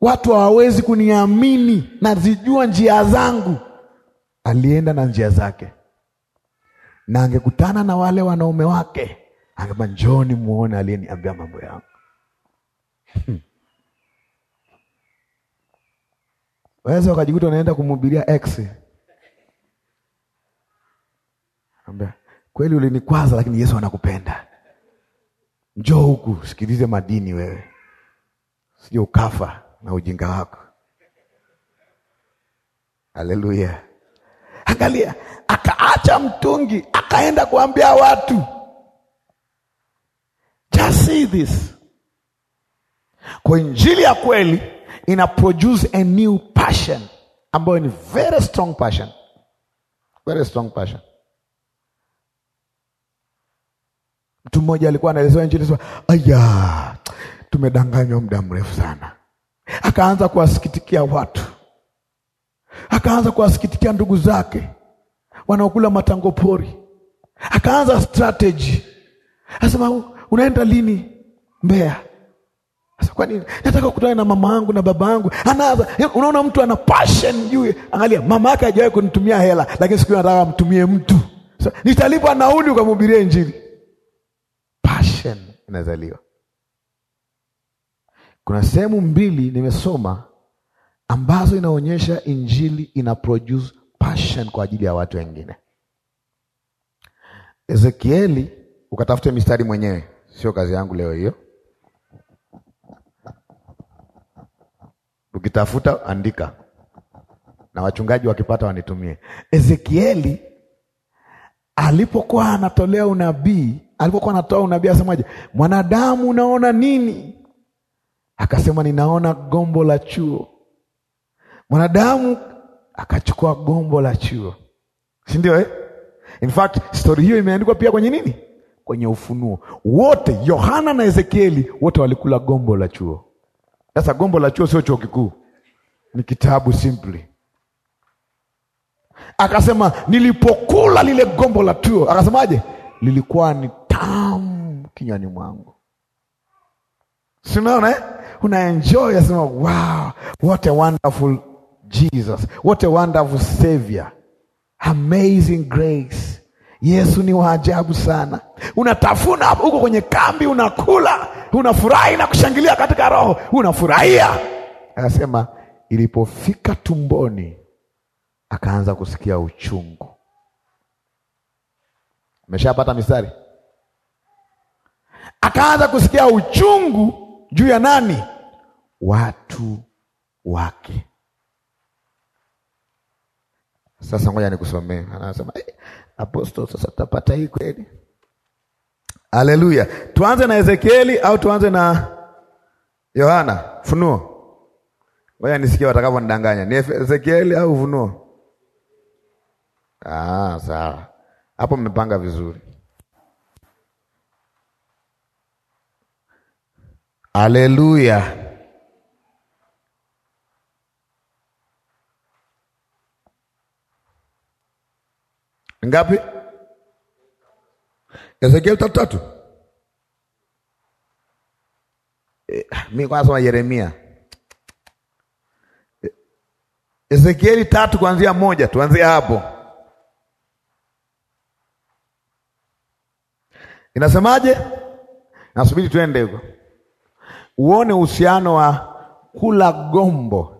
watu hawawezi kuniamini, nazijua njia zangu. Alienda na njia zake, na angekutana na wale wanaume wake, angema njoni muone aliyeniambia mambo yangu. hmm. Waweza wakajikuta unaenda kumhubiria x Ambea, kweli ulinikwaza, lakini Yesu anakupenda. Njoo huku sikilize madini wewe, sije ukafa na ujinga wako. Haleluya! Angalia, akaacha mtungi akaenda kuambia watu, just see this. Kwa injili ya kweli ina produce a new passion ambayo ni very strong passion, very strong passion Mtu mmoja alikuwa anaelezewa Injili sema, aya, tumedanganywa muda mrefu sana. Akaanza kuwasikitikia watu, akaanza kuwasikitikia ndugu zake wanaokula matango pori, akaanza strategy, asema unaenda lini Mbeya? Sasa kwa nini? Nataka kukutana na mama yangu na baba yangu. Anaza, unaona mtu ana passion juu. Angalia, mama yake hajawahi kunitumia hela, lakini siku nataka amtumie mtu. So, nitalipa nauli ukamhubiria Injili action inazaliwa. Kuna sehemu mbili nimesoma ambazo inaonyesha injili ina produce passion kwa ajili ya watu wengine. Ezekieli, ukatafute mistari mwenyewe, sio kazi yangu leo hiyo. Ukitafuta andika, na wachungaji wakipata wanitumie. Ezekieli alipokuwa anatolea unabii alipokuwa anatoa unabii asemaje? Mwanadamu, unaona nini? Akasema, ninaona gombo la chuo. Mwanadamu akachukua gombo la chuo, si ndio eh? In fact stori hiyo imeandikwa pia kwenye nini, kwenye Ufunuo. Wote Yohana na Ezekieli wote walikula gombo la chuo. Sasa gombo la chuo sio chuo kikuu, ni kitabu simply. Akasema nilipokula lile gombo la chuo, akasemaje? Lilikuwa ni tamu kinywani mwangu. Sinaona eh? Una enjoy asema, wow, what a wonderful Jesus, what a wonderful savior, amazing grace. Yesu ni waajabu sana. Unatafuna huko kwenye kambi, unakula, unafurahi na kushangilia katika roho, unafurahia. Anasema ilipofika tumboni, akaanza kusikia uchungu. Ameshapata mistari akaanza kusikia uchungu juu ya nani? Watu wake. Sasa ngoja nikusomee, anasema hey, eh, apostol, sasa tutapata hii kweli? Haleluya! Tuanze na Ezekieli au tuanze na Yohana Funuo? Ngoja nisikie watakavyonidanganya, ni Ezekieli au Funuo? Ah, sawa, hapo mmepanga vizuri. aleluya Ngapi? Ezekiel tatu tatu. E, mi kwanza Yeremia. Eh, Ezekieli tatu kuanzia moja, tuanzie hapo. Inasemaje? Nasubiri tuende huko uone uhusiano wa kula gombo.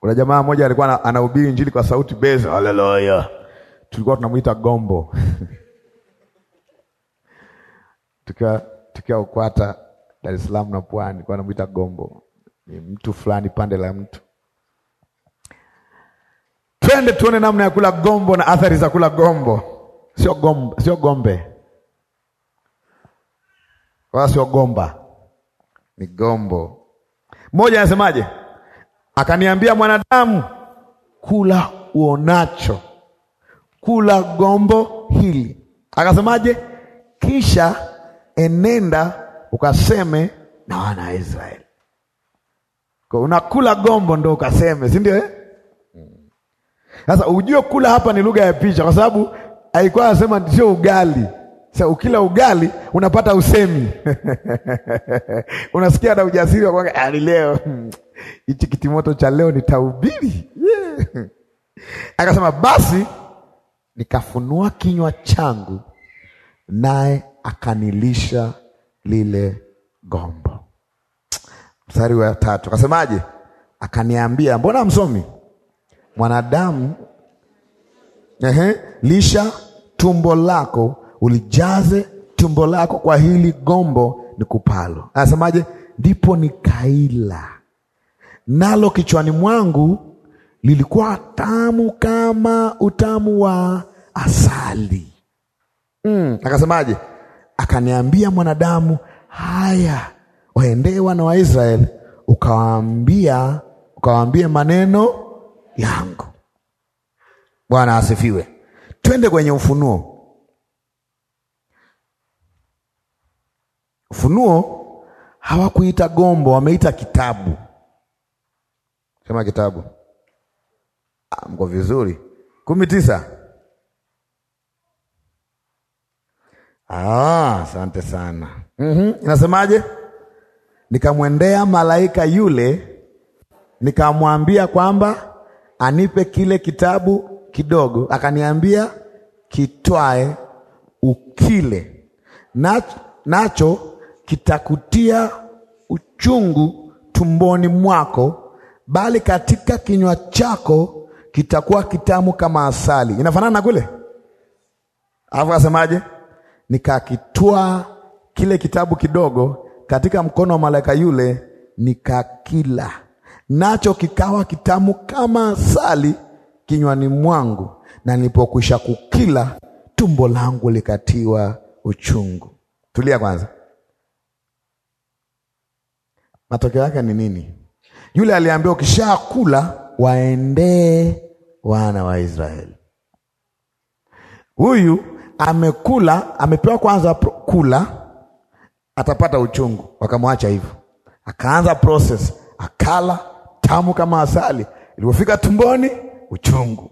Kuna jamaa mmoja alikuwa anahubiri Injili kwa sauti beza, haleluya, tulikuwa tunamwita gombo tukiwa tukiwa ukwata Dar es Salaam na Pwani, alikuwa anamwita gombo, ni mtu fulani pande la mtu. Twende tuone namna ya kula gombo na athari za kula gombo, sio gombo, sio gombe wala sio gomba, gombo Mmoja anasemaje? Akaniambia, mwanadamu, kula uonacho, kula gombo hili. Akasemaje? Kisha enenda ukaseme na wana wa Israeli. Kwa unakula gombo ndo ukaseme, si ndio eh? Mm. Sasa ujue kula hapa ni lugha ya picha, kwa sababu alikuwa anasema sio ugali sasa ukila ugali unapata usemi unasikia na ujasiri wa kwamba ani ah, leo hichi kitimoto cha leo nitahubiri. Yeah. Akasema basi nikafunua kinywa changu, naye akanilisha lile gombo. Mstari wa tatu akasemaje? Akaniambia, mbona msomi mwanadamu, ehe, lisha tumbo lako ulijaze tumbo lako kwa hili gombo ni kupalo. Anasemaje? Ndipo nikaila nalo kichwani mwangu lilikuwa tamu kama utamu wa asali. Mm, akasemaje? Akaniambia, mwanadamu, haya waendee wana wa Israeli ukawaambia ukawaambie maneno yangu. Bwana asifiwe. Twende kwenye Ufunuo. Ufunuo hawakuita gombo, wameita kitabu. Sema kitabu. Ah, mko vizuri. kumi tisa. Ah, asante sana. mm-hmm. Inasemaje? Nikamwendea malaika yule nikamwambia kwamba anipe kile kitabu kidogo, akaniambia kitwae ukile nacho, nacho kitakutia uchungu tumboni mwako, bali katika kinywa chako kitakuwa kitamu kama asali. Inafanana na kule, alafu asemaje? nikakitwa kile kitabu kidogo katika mkono wa malaika yule, nikakila nacho, kikawa kitamu kama asali kinywani mwangu, na nilipokwisha kukila, tumbo langu likatiwa uchungu. Tulia kwanza. Matokeo yake ni nini? Yule aliambiwa ukishakula waendee wana wa Israeli. Huyu amekula, amepewa kwanza kula, atapata uchungu, wakamwacha hivyo. Akaanza process, akala tamu kama asali, ilipofika tumboni uchungu.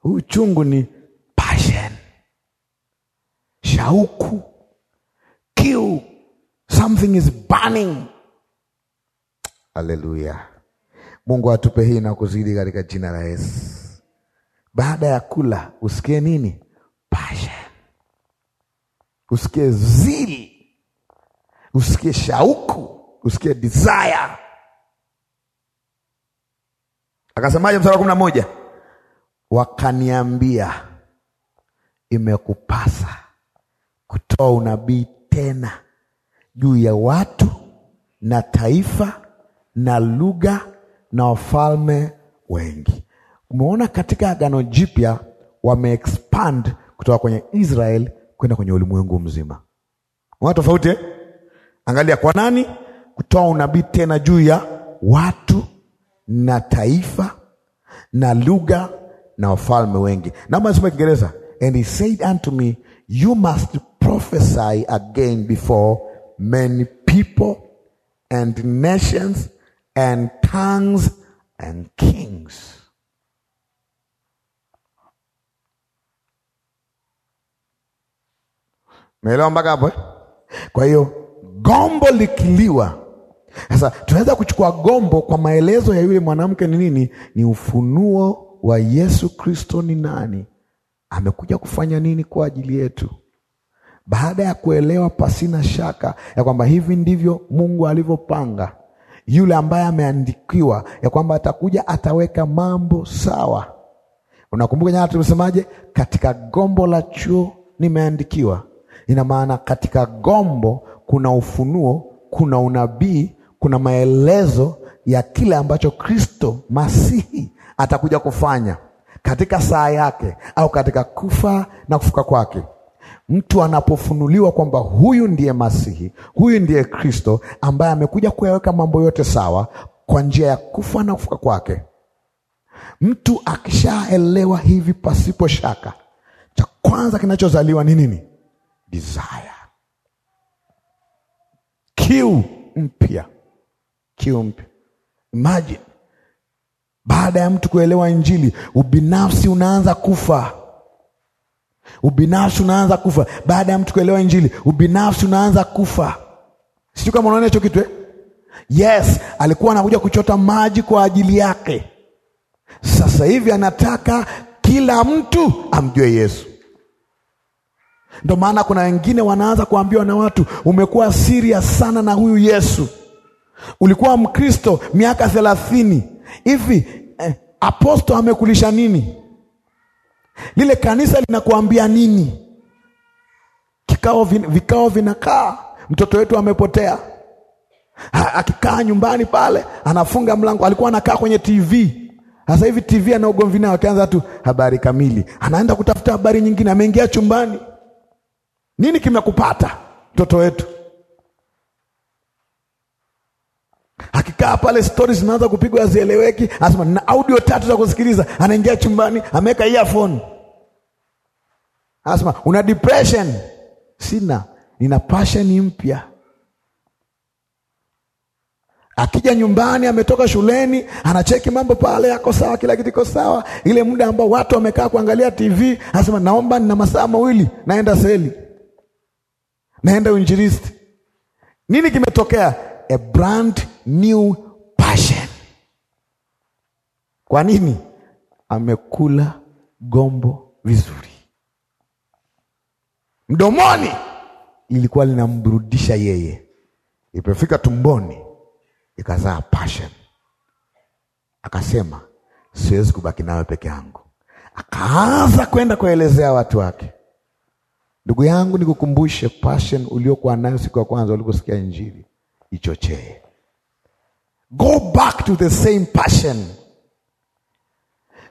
Huu uchungu ni passion, shauku, kiu something is burning. Haleluya! Mungu atupe hii na kuzidi katika jina la Yesu. Baada ya kula usikie nini? Passion, usikie zili, usikie shauku, usikie desire. Akasemaje mstari wa kumi na moja? Wakaniambia imekupasa kutoa unabii tena juu ya watu na taifa na lugha na wafalme wengi. Umeona katika Agano Jipya wameexpand kutoka kwenye Israel kwenda kwenye ulimwengu mzima. Unaona tofauti eh? Angalia kwa nani kutoa unabii tena juu ya watu na taifa na lugha na wafalme wengi. Naomba nisome Kiingereza. And he said unto me you must prophesy again before many people and nations and tongues and kings. Meelewa mpaka hapo? Eh? Kwa hiyo gombo likiliwa sasa, tunaweza kuchukua gombo kwa maelezo ya yule mwanamke ni nini? Ni ufunuo wa Yesu Kristo ni nani, amekuja kufanya nini kwa ajili yetu baada ya kuelewa pasina shaka ya kwamba hivi ndivyo Mungu alivyopanga, yule ambaye ameandikiwa ya kwamba atakuja ataweka mambo sawa. Unakumbuka jana tumesemaje? Katika gombo la chuo nimeandikiwa. Ina maana katika gombo kuna ufunuo, kuna unabii, kuna maelezo ya kile ambacho Kristo Masihi atakuja kufanya katika saa yake, au katika kufa na kufuka kwake. Mtu anapofunuliwa kwamba huyu ndiye Masihi, huyu ndiye Kristo ambaye amekuja kuyaweka mambo yote sawa kwa njia ya kufa na kufuka kwake, mtu akishaelewa hivi pasipo shaka, cha kwanza kinachozaliwa ni nini? Desire, kiu mpya, kiu mpya. Imagine baada ya mtu kuelewa Injili, ubinafsi unaanza kufa Ubinafsi unaanza kufa baada ya mtu kuelewa Injili. Ubinafsi unaanza kufa. Sijui kama unaona hicho kitu eh? Yes, alikuwa anakuja kuchota maji kwa ajili yake. Sasa hivi anataka kila mtu amjue Yesu. Ndio maana kuna wengine wanaanza kuambiwa na watu, umekuwa serious sana na huyu Yesu, ulikuwa Mkristo miaka thelathini hivi eh, aposto amekulisha nini? Lile kanisa linakuambia nini? Kikao vin, vikao vinakaa, mtoto wetu amepotea. Akikaa nyumbani pale anafunga mlango, alikuwa anakaa kwenye TV sasa hivi TV ana ugomvi nao, akianza tu habari kamili, anaenda kutafuta habari nyingine, ameingia chumbani. Nini kimekupata mtoto wetu? Akikaa pale stori zinaanza kupigwa hazieleweki, asema na audio tatu za kusikiliza. Anaingia chumbani, ameweka earphone, asema una depression. Sina, nina passion mpya. Akija nyumbani, ametoka shuleni, anacheki mambo pale, yako sawa, kila kitu iko sawa. Ile muda ambao watu wamekaa kuangalia TV, asema naomba, nina masaa mawili, naenda seli, naenda uinjilisti. Nini kimetokea? a brand new passion. Kwa nini? Amekula gombo vizuri, mdomoni ilikuwa linamburudisha yeye, ipofika tumboni ikazaa passion. Akasema siwezi kubaki nawe peke yangu, akaanza kwenda kuelezea watu wake. Ndugu yangu, nikukumbushe passion uliokuwa nayo siku ya kwanza ulikusikia Injili ichochee. Go back to the same passion.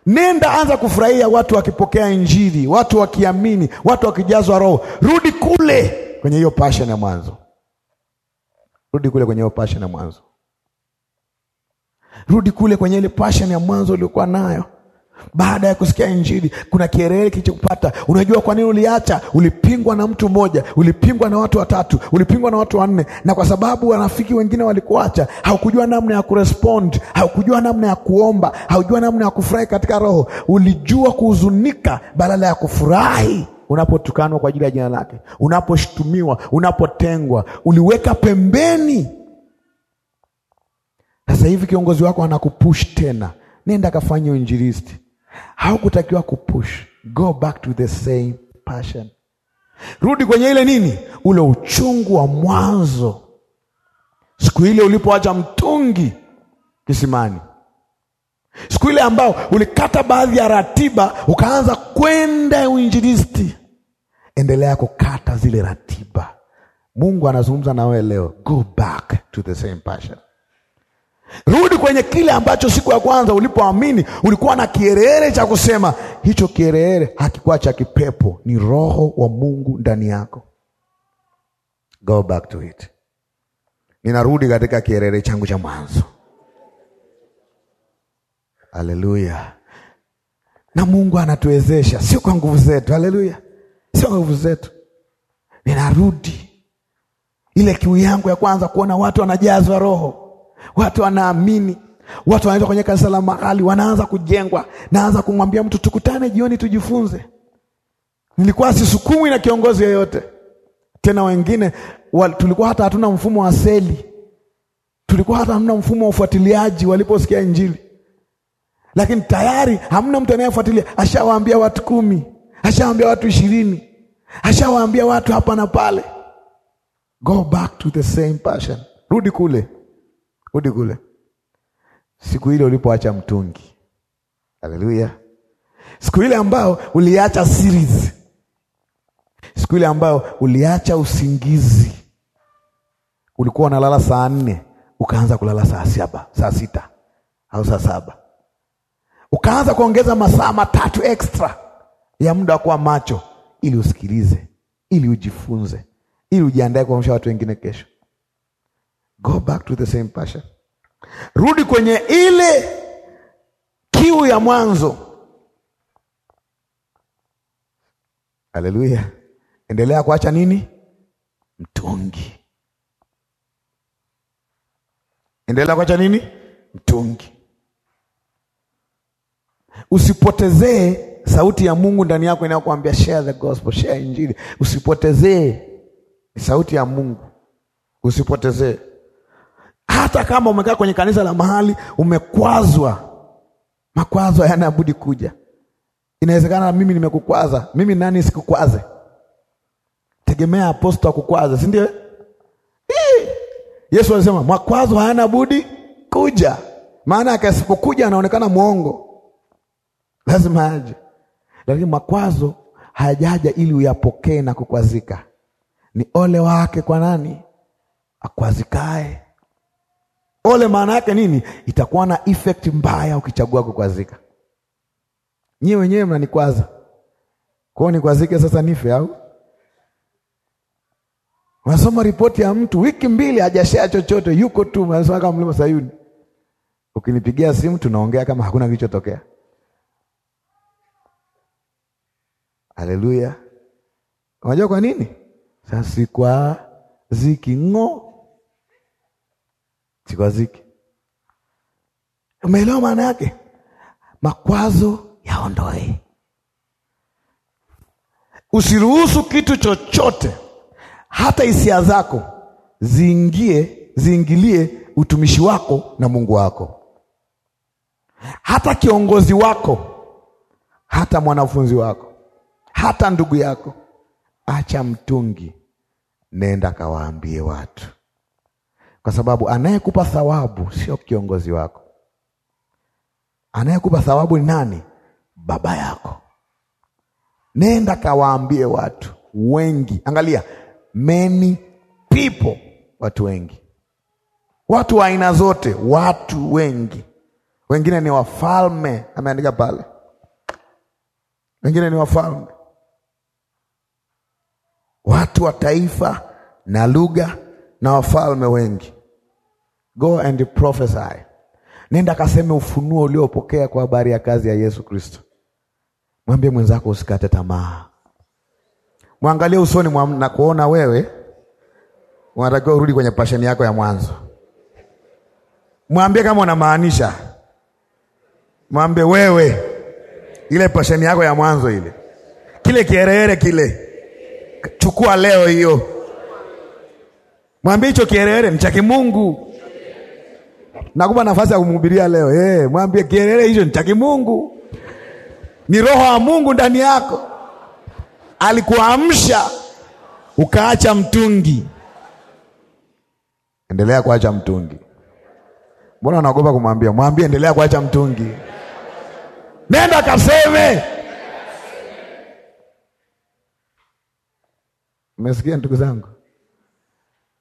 Nenda anza kufurahia watu wakipokea Injili, watu wakiamini, watu wakijazwa Roho. Rudi kule kwenye hiyo passion ya mwanzo, rudi kule kwenye hiyo passion ya mwanzo, rudi kule kwenye ile passion ya mwanzo uliokuwa nayo. Baada ya kusikia Injili kuna kierere kilichokupata. Unajua kwa nini uliacha? Ulipingwa na mtu mmoja, ulipingwa na watu watatu, ulipingwa na watu wanne, na kwa sababu wanafiki wengine walikuacha, haukujua namna ya kurespond, haukujua namna ya kuomba, haukujua namna ya kufurahi katika Roho. Ulijua kuhuzunika badala ya kufurahi unapotukanwa kwa ajili ya jina lake, unaposhutumiwa, unapotengwa, uliweka pembeni. Sasa hivi kiongozi wako anakupush tena, nenda kafanya uinjilisti haukutakiwa kupush, go back to the same passion. Rudi kwenye ile nini, ule uchungu wa mwanzo, siku ile ulipoacha mtungi kisimani, siku ile ambao ulikata baadhi ya ratiba ukaanza kwenda uinjilisti. Endelea kukata zile ratiba. Mungu anazungumza na wewe leo, go back to the same passion. Rudi kwenye kile ambacho siku ya kwanza ulipoamini ulikuwa na kiherehere cha kusema. Hicho kiherehere hakikuwa cha kipepo, ni Roho wa Mungu ndani yako. Go back to it. Ninarudi katika kiherehere changu cha mwanzo. Haleluya! Na Mungu anatuwezesha, sio kwa nguvu zetu. Haleluya! sio kwa nguvu zetu. Ninarudi ile kiu yangu ya kwanza kuona watu wanajazwa Roho watu wanaamini, watu wanaitwa kwenye kanisa la mahali, wanaanza kujengwa. Naanza kumwambia mtu tukutane jioni tujifunze. Nilikuwa sisukumwi na kiongozi yoyote tena. Wengine tulikuwa hata hatuna mfumo wa seli, tulikuwa hata hatuna mfumo wa ufuatiliaji waliposikia Injili, lakini tayari hamna mtu anayefuatilia. Ashawaambia watu kumi, ashawaambia watu ishirini, ashawaambia watu hapa na pale. Go back to the same passion, rudi kule Rudi kule siku ile ulipoacha mtungi. Haleluya! siku ile ambao uliacha series, siku ile ambao uliacha usingizi. Ulikuwa unalala saa nne ukaanza kulala saa saba, saa sita au saa saba, ukaanza kuongeza masaa matatu extra ya muda wa kuwa macho, ili usikilize, ili ujifunze, ili ujiandae kuamsha watu wengine kesho. Go back to the same passion. Rudi kwenye ile kiu ya mwanzo. Haleluya. Endelea kuacha nini? Mtungi. Endelea kuacha nini? Mtungi. Usipotezee sauti ya Mungu ndani yako inayokuambia share the gospel, share injili. Usipotezee sauti ya Mungu, usipotezee hata kama umekaa kwenye kanisa la mahali umekwazwa, makwazo hayana budi kuja. Inawezekana mimi nimekukwaza. Mimi nani sikukwaze? Tegemea aposto akukwaze, si ndio? Yesu alisema makwazo hayana budi kuja, maana akasipokuja anaonekana mwongo, lazima aje. Lakini makwazo hayajaja ili uyapokee na kukwazika, ni ole wake kwa nani akwazikae Ole maana yake nini? Itakuwa na effect mbaya ukichagua kukwazika. Nyie wenyewe mnanikwaza kwao, nikwazike sasa nife au? Unasoma ripoti ya mtu wiki mbili hajashare chochote, yuko tu anasema kama mlima Sayuni. Ukinipigia simu tunaongea kama hakuna kilichotokea. Haleluya! Unajua kwa nini? Sasa sikwaziki ng'o Sikwaziki. Umeelewa maana yake? Makwazo yaondoe. Usiruhusu kitu chochote, hata hisia zako ziingie, ziingilie utumishi wako na Mungu wako, hata kiongozi wako, hata mwanafunzi wako, hata ndugu yako. Acha mtungi, nenda kawaambie watu kwa sababu anayekupa thawabu sio kiongozi wako. Anayekupa thawabu ni nani? Baba yako. Nenda kawaambie watu wengi, angalia, many people, watu wengi, watu wa aina zote, watu wengi. Wengine ni wafalme, ameandika pale, wengine ni wafalme, watu wa taifa na lugha na wafalme wengi Go and prophesy. Nenda kaseme ufunuo uliopokea kwa habari ya kazi ya Yesu Kristo. Mwambie mwenzako usikate tamaa. Mwangalie usoni mwa na kuona wewe unatakiwa urudi kwenye pasheni yako ya mwanzo. Mwambie kama unamaanisha. Mwambie wewe ile pasheni yako ya mwanzo ile. Kile kiherehere kile. Chukua leo hiyo. Mwambie hicho kiherehere ni cha kimungu. Nakupa nafasi ya kumhubiria leo. Hey, eh, mwambie kielele hicho ni cha kimungu, ni roho wa Mungu ndani yako. Alikuamsha ukaacha mtungi. Endelea kuacha mtungi. Mbona unaogopa kumwambia? Mwambie endelea kuacha mtungi, nenda kaseme. mesikia ndugu zangu,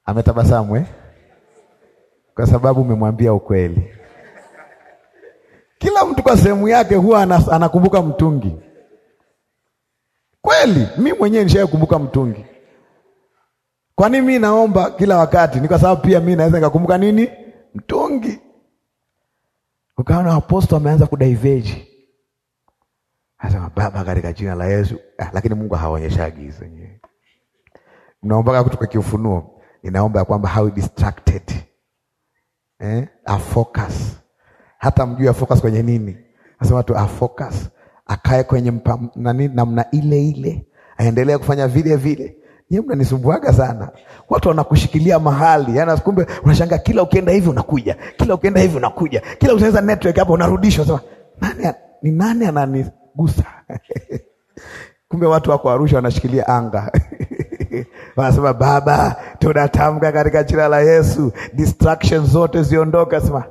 ametabasamu eh? kwa sababu umemwambia ukweli. Kila mtu kwa sehemu yake huwa anakumbuka mtungi. Kweli mi mwenyewe nishaye kumbuka mtungi. Kwa nini mi naomba kila wakati? Ni kwa sababu pia mi naweza nikakumbuka nini mtungi. Ukaona apostol ameanza kudaiveji, asema Baba, katika jina la Yesu. Ah, lakini Mungu haonyesha agizo wenyewe mnaombaga kutoka kiufunuo, ninaomba ya kwamba hawi distracted eh, focus. Hata mjui focus kwenye nini, nasema tu focus, akae kwenye nani, namna ile ile, aendelee kufanya vile vile. Nyie mnanisumbuaga sana, watu wanakushikilia mahali, yaani kumbe unashanga, kila ukienda hivi unakuja, kila ukienda hivi unakuja, kila utaweza network hapo unarudishwa, sema nani, ni nani ananigusa? kumbe watu wako Arusha wanashikilia anga wanasema Baba, tunatamka katika jina la Yesu, distraction zote ziondoke. Sema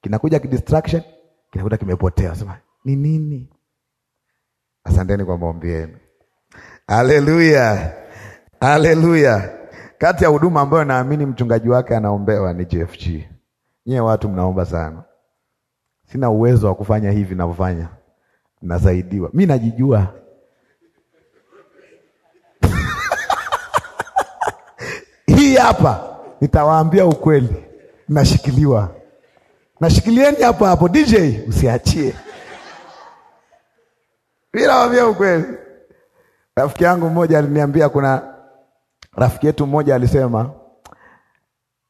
kinakuja kidistraction, kinakuta kimepotea. Sema ni nini? Asanteni kwa maombi yenu. Haleluya, haleluya. Kati ya huduma ambayo naamini mchungaji wake anaombewa ni JFG. nyie watu mnaomba sana, sina uwezo wa kufanya hivi navyofanya, nasaidiwa. Mi najijua hii hapa, nitawaambia ukweli, nashikiliwa, nashikilieni hapo hapo. DJ usiachie bila ukweli. Rafiki yangu mmoja aliniambia, kuna rafiki yetu mmoja alisema,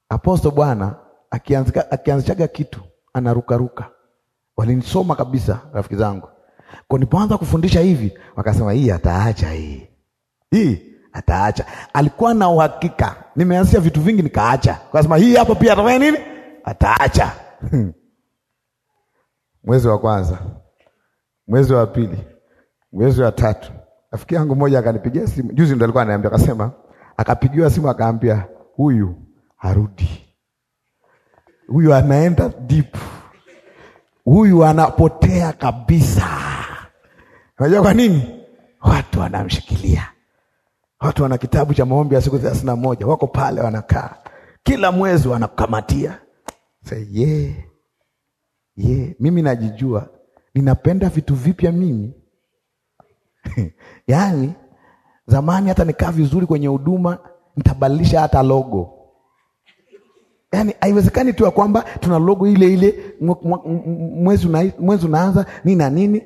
Aposto bwana akianzishaga kitu anarukaruka. Walinisoma kabisa rafiki zangu, kwa nipoanza kufundisha hivi, wakasema hii ataacha hii hii ataacha. Alikuwa na uhakika, nimeanzia vitu vingi nikaacha, kasema hii hapo pia atafanya nini? Ataacha. mwezi wa kwanza, mwezi wa pili, mwezi wa tatu, rafiki yangu mmoja akanipigia simu juzi, ndo alikuwa ananiambia, akasema, akapigiwa simu akaambia, huyu harudi, huyu anaenda deep, huyu anapotea kabisa. Unajua kwa nini? Watu wanamshikilia Watu wana kitabu cha maombi ya siku thelathini na moja, wako pale wanakaa kila mwezi wanakukamatia. Say, yeah, yeah. Mimi najijua ninapenda vitu vipya mimi yaani zamani hata nikaa vizuri kwenye huduma nitabadilisha hata logo. Yaani haiwezekani tu ya kwamba tuna logo ile ile, mwezi unaanza nini na nini,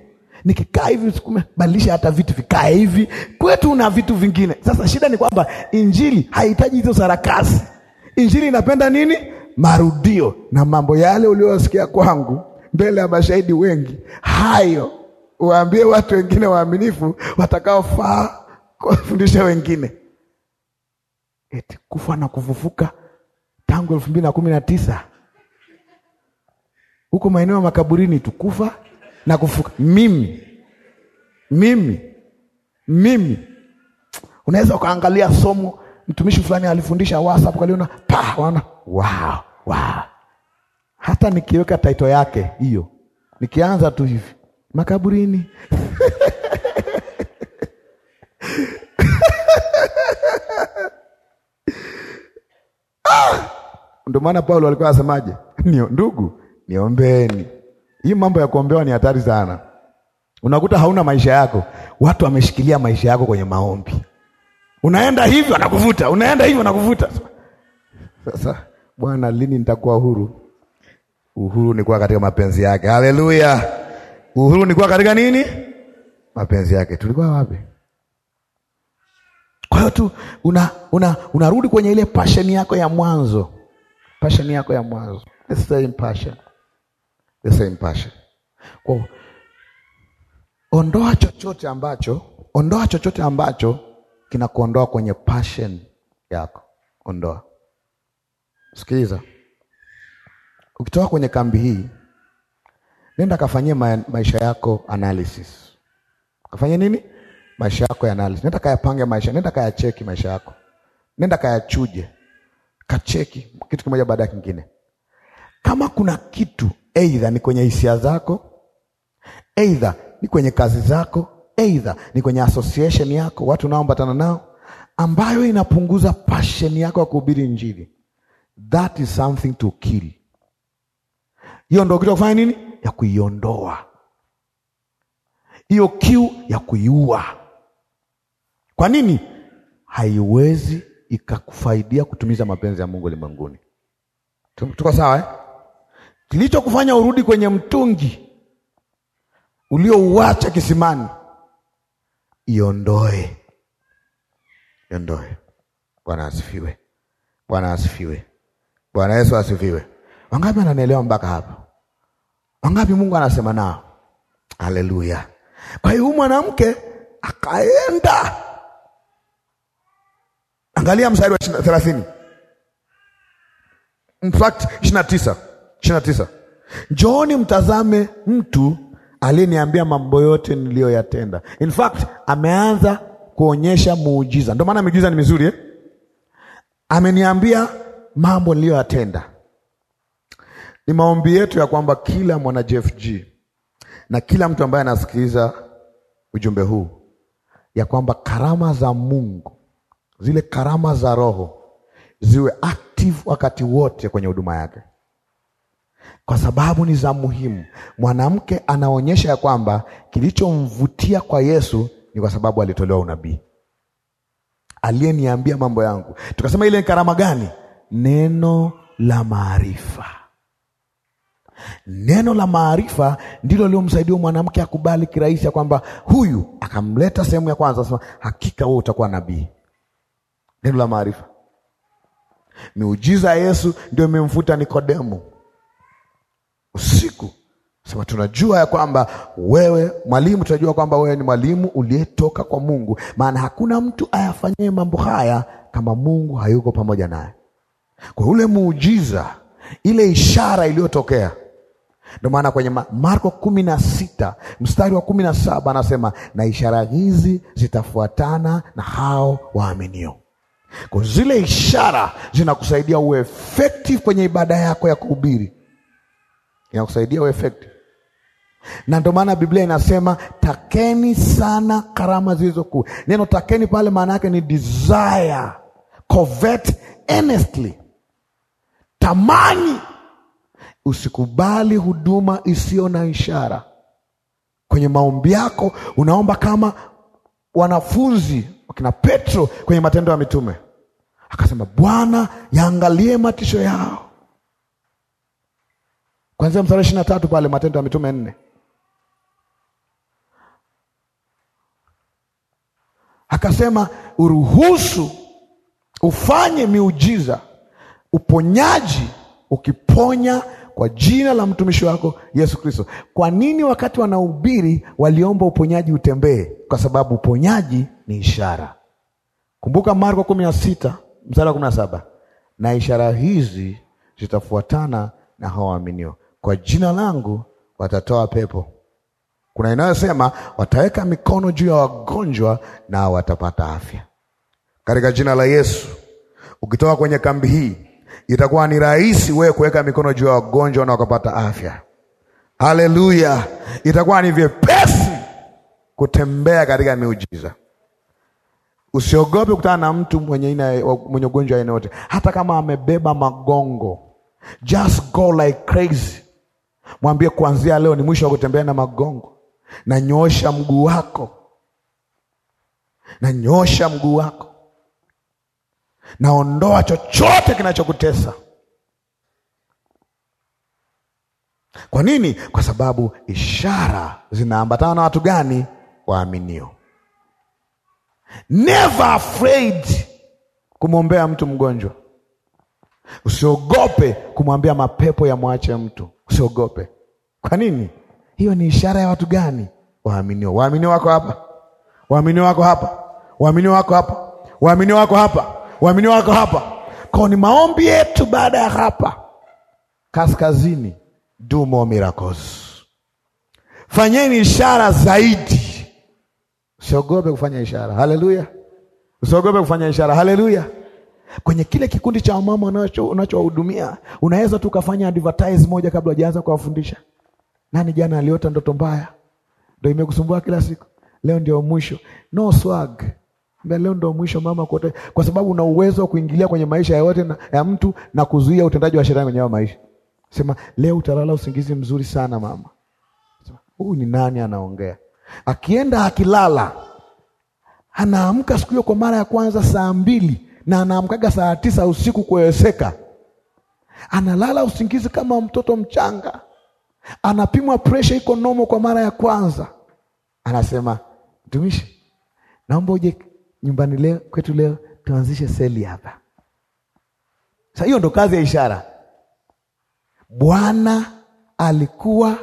nikikaa hivi badilisha hata vitu vikae hivi. Kwetu una vitu vingine. Sasa shida ni kwamba injili haihitaji hizo sarakasi. Injili inapenda nini? Marudio. Na mambo yale uliyosikia kwangu mbele ya mashahidi wengi, hayo waambie watu wengine waaminifu, watakaofaa kuwafundisha wengine. Eti kufa na kufufuka tangu elfu mbili na kumi na tisa huko maeneo ya makaburini tukufa na kufuka. Mimi mimi mimi, unaweza ukaangalia somo mtumishi fulani alifundisha WhatsApp, kaliona pa wana wow, wow. Hata nikiweka taito yake hiyo, nikianza tu hivi makaburini ah! Ndio maana Paulo alikuwa anasemaje? ndugu, niombeni hii mambo ya kuombewa ni hatari sana. Unakuta hauna maisha yako, watu wameshikilia maisha yako kwenye maombi. Unaenda hivyo anakuvuta, unaenda hivyo anakuvuta. Sasa Bwana, lini nitakuwa huru? Uhuru ni kuwa katika mapenzi yake. Haleluya! Uhuru ni kuwa katika nini? Mapenzi yake. Tulikuwa wapi? Kwa hiyo tu una, una, unarudi kwenye ile passion yako ya mwanzo, passion yako ya mwanzo, the same passion the same passion. Kwa ondoa chochote ambacho, ondoa chochote ambacho kinakuondoa kwenye passion yako. Ondoa. Sikiliza, ukitoka kwenye kambi hii, nenda kafanyie maisha yako analysis. Kafanyie nini? Maisha yako ya analysis. Nenda kayapange maisha, nenda kayacheki maisha yako, nenda kayachuje, kacheki kitu kimoja baada ya kingine, kama kuna kitu Aidha ni kwenye hisia zako, aidha ni kwenye kazi zako, aidha ni kwenye association yako, watu unaoambatana nao, ambayo inapunguza passion yako ya kuhubiri Injili. That is something to kill. Hiyo ndio kitu kufanya nini? Ya kuiondoa hiyo kiu ya kuiua. Kwa nini? Haiwezi ikakufaidia kutumiza mapenzi ya Mungu ulimwenguni. Tuko sawa eh? Kilichokufanya urudi kwenye mtungi uliouacha kisimani, iondoe, iondoe. Bwana asifiwe, Bwana asifiwe, Bwana Yesu asifiwe. Wangapi ananielewa mpaka hapa? Wangapi Mungu anasema nao? Haleluya! Kwa hiyo huyu mwanamke akaenda, angalia mstari wa thelathini, in fact ishirini na tisa ishirini na tisa njooni mtazame mtu aliyeniambia mambo yote niliyoyatenda. In fact ameanza kuonyesha muujiza, ndio maana miujiza ni mizuri eh? Ameniambia mambo niliyoyatenda. Ni maombi yetu ya kwamba kila mwana JFG na kila mtu ambaye anasikiliza ujumbe huu ya kwamba karama za Mungu, zile karama za Roho ziwe active wakati wote kwenye huduma yake kwa sababu ni za muhimu. Mwanamke anaonyesha ya kwamba kilichomvutia kwa Yesu ni kwa sababu alitolewa unabii, aliyeniambia mambo yangu. Tukasema ile karama gani? Neno la maarifa. Neno la maarifa ndilo liomsaidia mwanamke akubali kirahisi ya kwamba huyu, akamleta sehemu ya kwanza, sema hakika wewe utakuwa nabii. Neno la maarifa, miujiza ya Yesu ndio imemvuta Nikodemu usiku. Sema tunajua ya kwamba wewe mwalimu, tunajua kwamba wewe ni mwalimu uliyetoka kwa Mungu, maana hakuna mtu ayafanyie mambo haya kama Mungu hayuko pamoja naye. Kwa ule muujiza, ile ishara iliyotokea, ndio maana kwenye Marko kumi na sita mstari wa kumi na saba anasema na ishara hizi zitafuatana na hao waaminio. Kwa zile ishara zinakusaidia uwe effective kwenye ibada yako ya kuhubiri inakusaidia uefekti. Na ndio maana Biblia inasema takeni sana karama zilizokuu. Neno takeni pale maana yake ni desire, covet earnestly, tamani. Usikubali huduma isiyo na ishara. Kwenye maombi yako unaomba kama wanafunzi wakina Petro kwenye Matendo ya Mitume, akasema Bwana, yaangalie matisho yao Kwanzia mstari ishirini na tatu pale Matendo ya Mitume nne akasema uruhusu ufanye miujiza uponyaji ukiponya kwa jina la mtumishi wako Yesu Kristo. Kwa nini wakati wanahubiri waliomba uponyaji utembee? Kwa sababu uponyaji ni ishara. Kumbuka Marko kumi na sita mstari wa kumi na saba na ishara hizi zitafuatana na hawaaminio kwa jina langu watatoa pepo. Kuna inayosema wataweka mikono juu ya wagonjwa na watapata afya katika jina la Yesu. Ukitoka kwenye kambi hii, itakuwa ni rahisi wewe kuweka mikono juu ya wagonjwa na wakapata afya. Haleluya! Itakuwa ni vyepesi kutembea katika miujiza. Usiogope kutana na mtu mwenye mwenye ugonjwa yoyote, hata kama amebeba magongo. Just go like crazy Mwambie kuanzia leo ni mwisho wa kutembea na magongo, na nyoosha mguu wako, na nyoosha mguu wako, naondoa chochote kinachokutesa. Kwa nini? Kwa sababu ishara zinaambatana na watu gani? Waaminio. Never afraid kumwombea mtu mgonjwa. Usiogope kumwambia mapepo yamwache mtu. Usiogope. Kwa nini? Hiyo ni ishara ya watu gani? Waaminio. Waaminio wako hapa, waaminio wako hapa, waaminio wako hapa, waaminio wako hapa, waaminio wako hapa. Kwa ni maombi yetu baada ya hapa, kaskazini, do more miracles, fanyeni ishara zaidi. Usiogope kufanya ishara. Haleluya! Usiogope kufanya ishara. Haleluya! kwenye kile kikundi cha wamama unachowahudumia, unaweza tu ukafanya advertise moja kabla hujaanza kuwafundisha. Nani jana aliota ndoto mbaya, ndo imekusumbua kila siku? Leo ndio mwisho. No swag Leo ndo mwisho mama, kote kwa sababu una uwezo wa kuingilia kwenye maisha yote ya mtu na kuzuia utendaji wa shetani kwenye hayo maisha. Sema leo utalala usingizi mzuri sana mama. Sema huyu ni nani anaongea? Akienda akilala anaamka siku hiyo kwa mara ya kwanza saa mbili na anaamkaga saa tisa usiku kueweseka analala usingizi kama mtoto mchanga, anapimwa presha iko nomo kwa mara ya kwanza, anasema mtumishi, naomba uje nyumbani leo kwetu, leo tuanzishe seli hapa. Sa hiyo ndo kazi ya ishara. Bwana alikuwa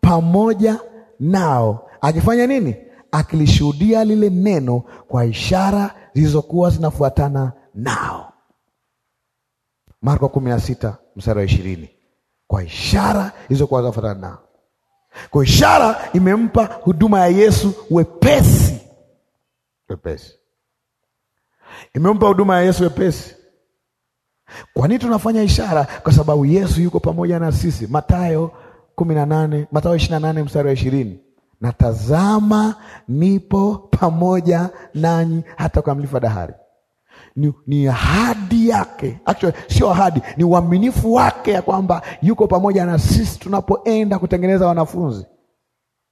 pamoja nao akifanya nini? Akilishuhudia lile neno kwa ishara zilizokuwa zinafuatana nao. Marko kumi na sita mstari wa ishirini kwa ishara ilizokuwa kuwa nao. Kwa ishara imempa huduma ya Yesu wepesi, wepesi imempa huduma ya Yesu wepesi. Kwa nini tunafanya ishara? Kwa sababu Yesu yuko pamoja na sisi. Matayo kumi na nane Matayo ishirini na nane mstari wa ishirini natazama nipo pamoja nanyi hata kukamilifu dahari ni, ni ahadi yake actually, sio ahadi, ni uaminifu wake ya kwamba yuko pamoja na sisi tunapoenda kutengeneza wanafunzi.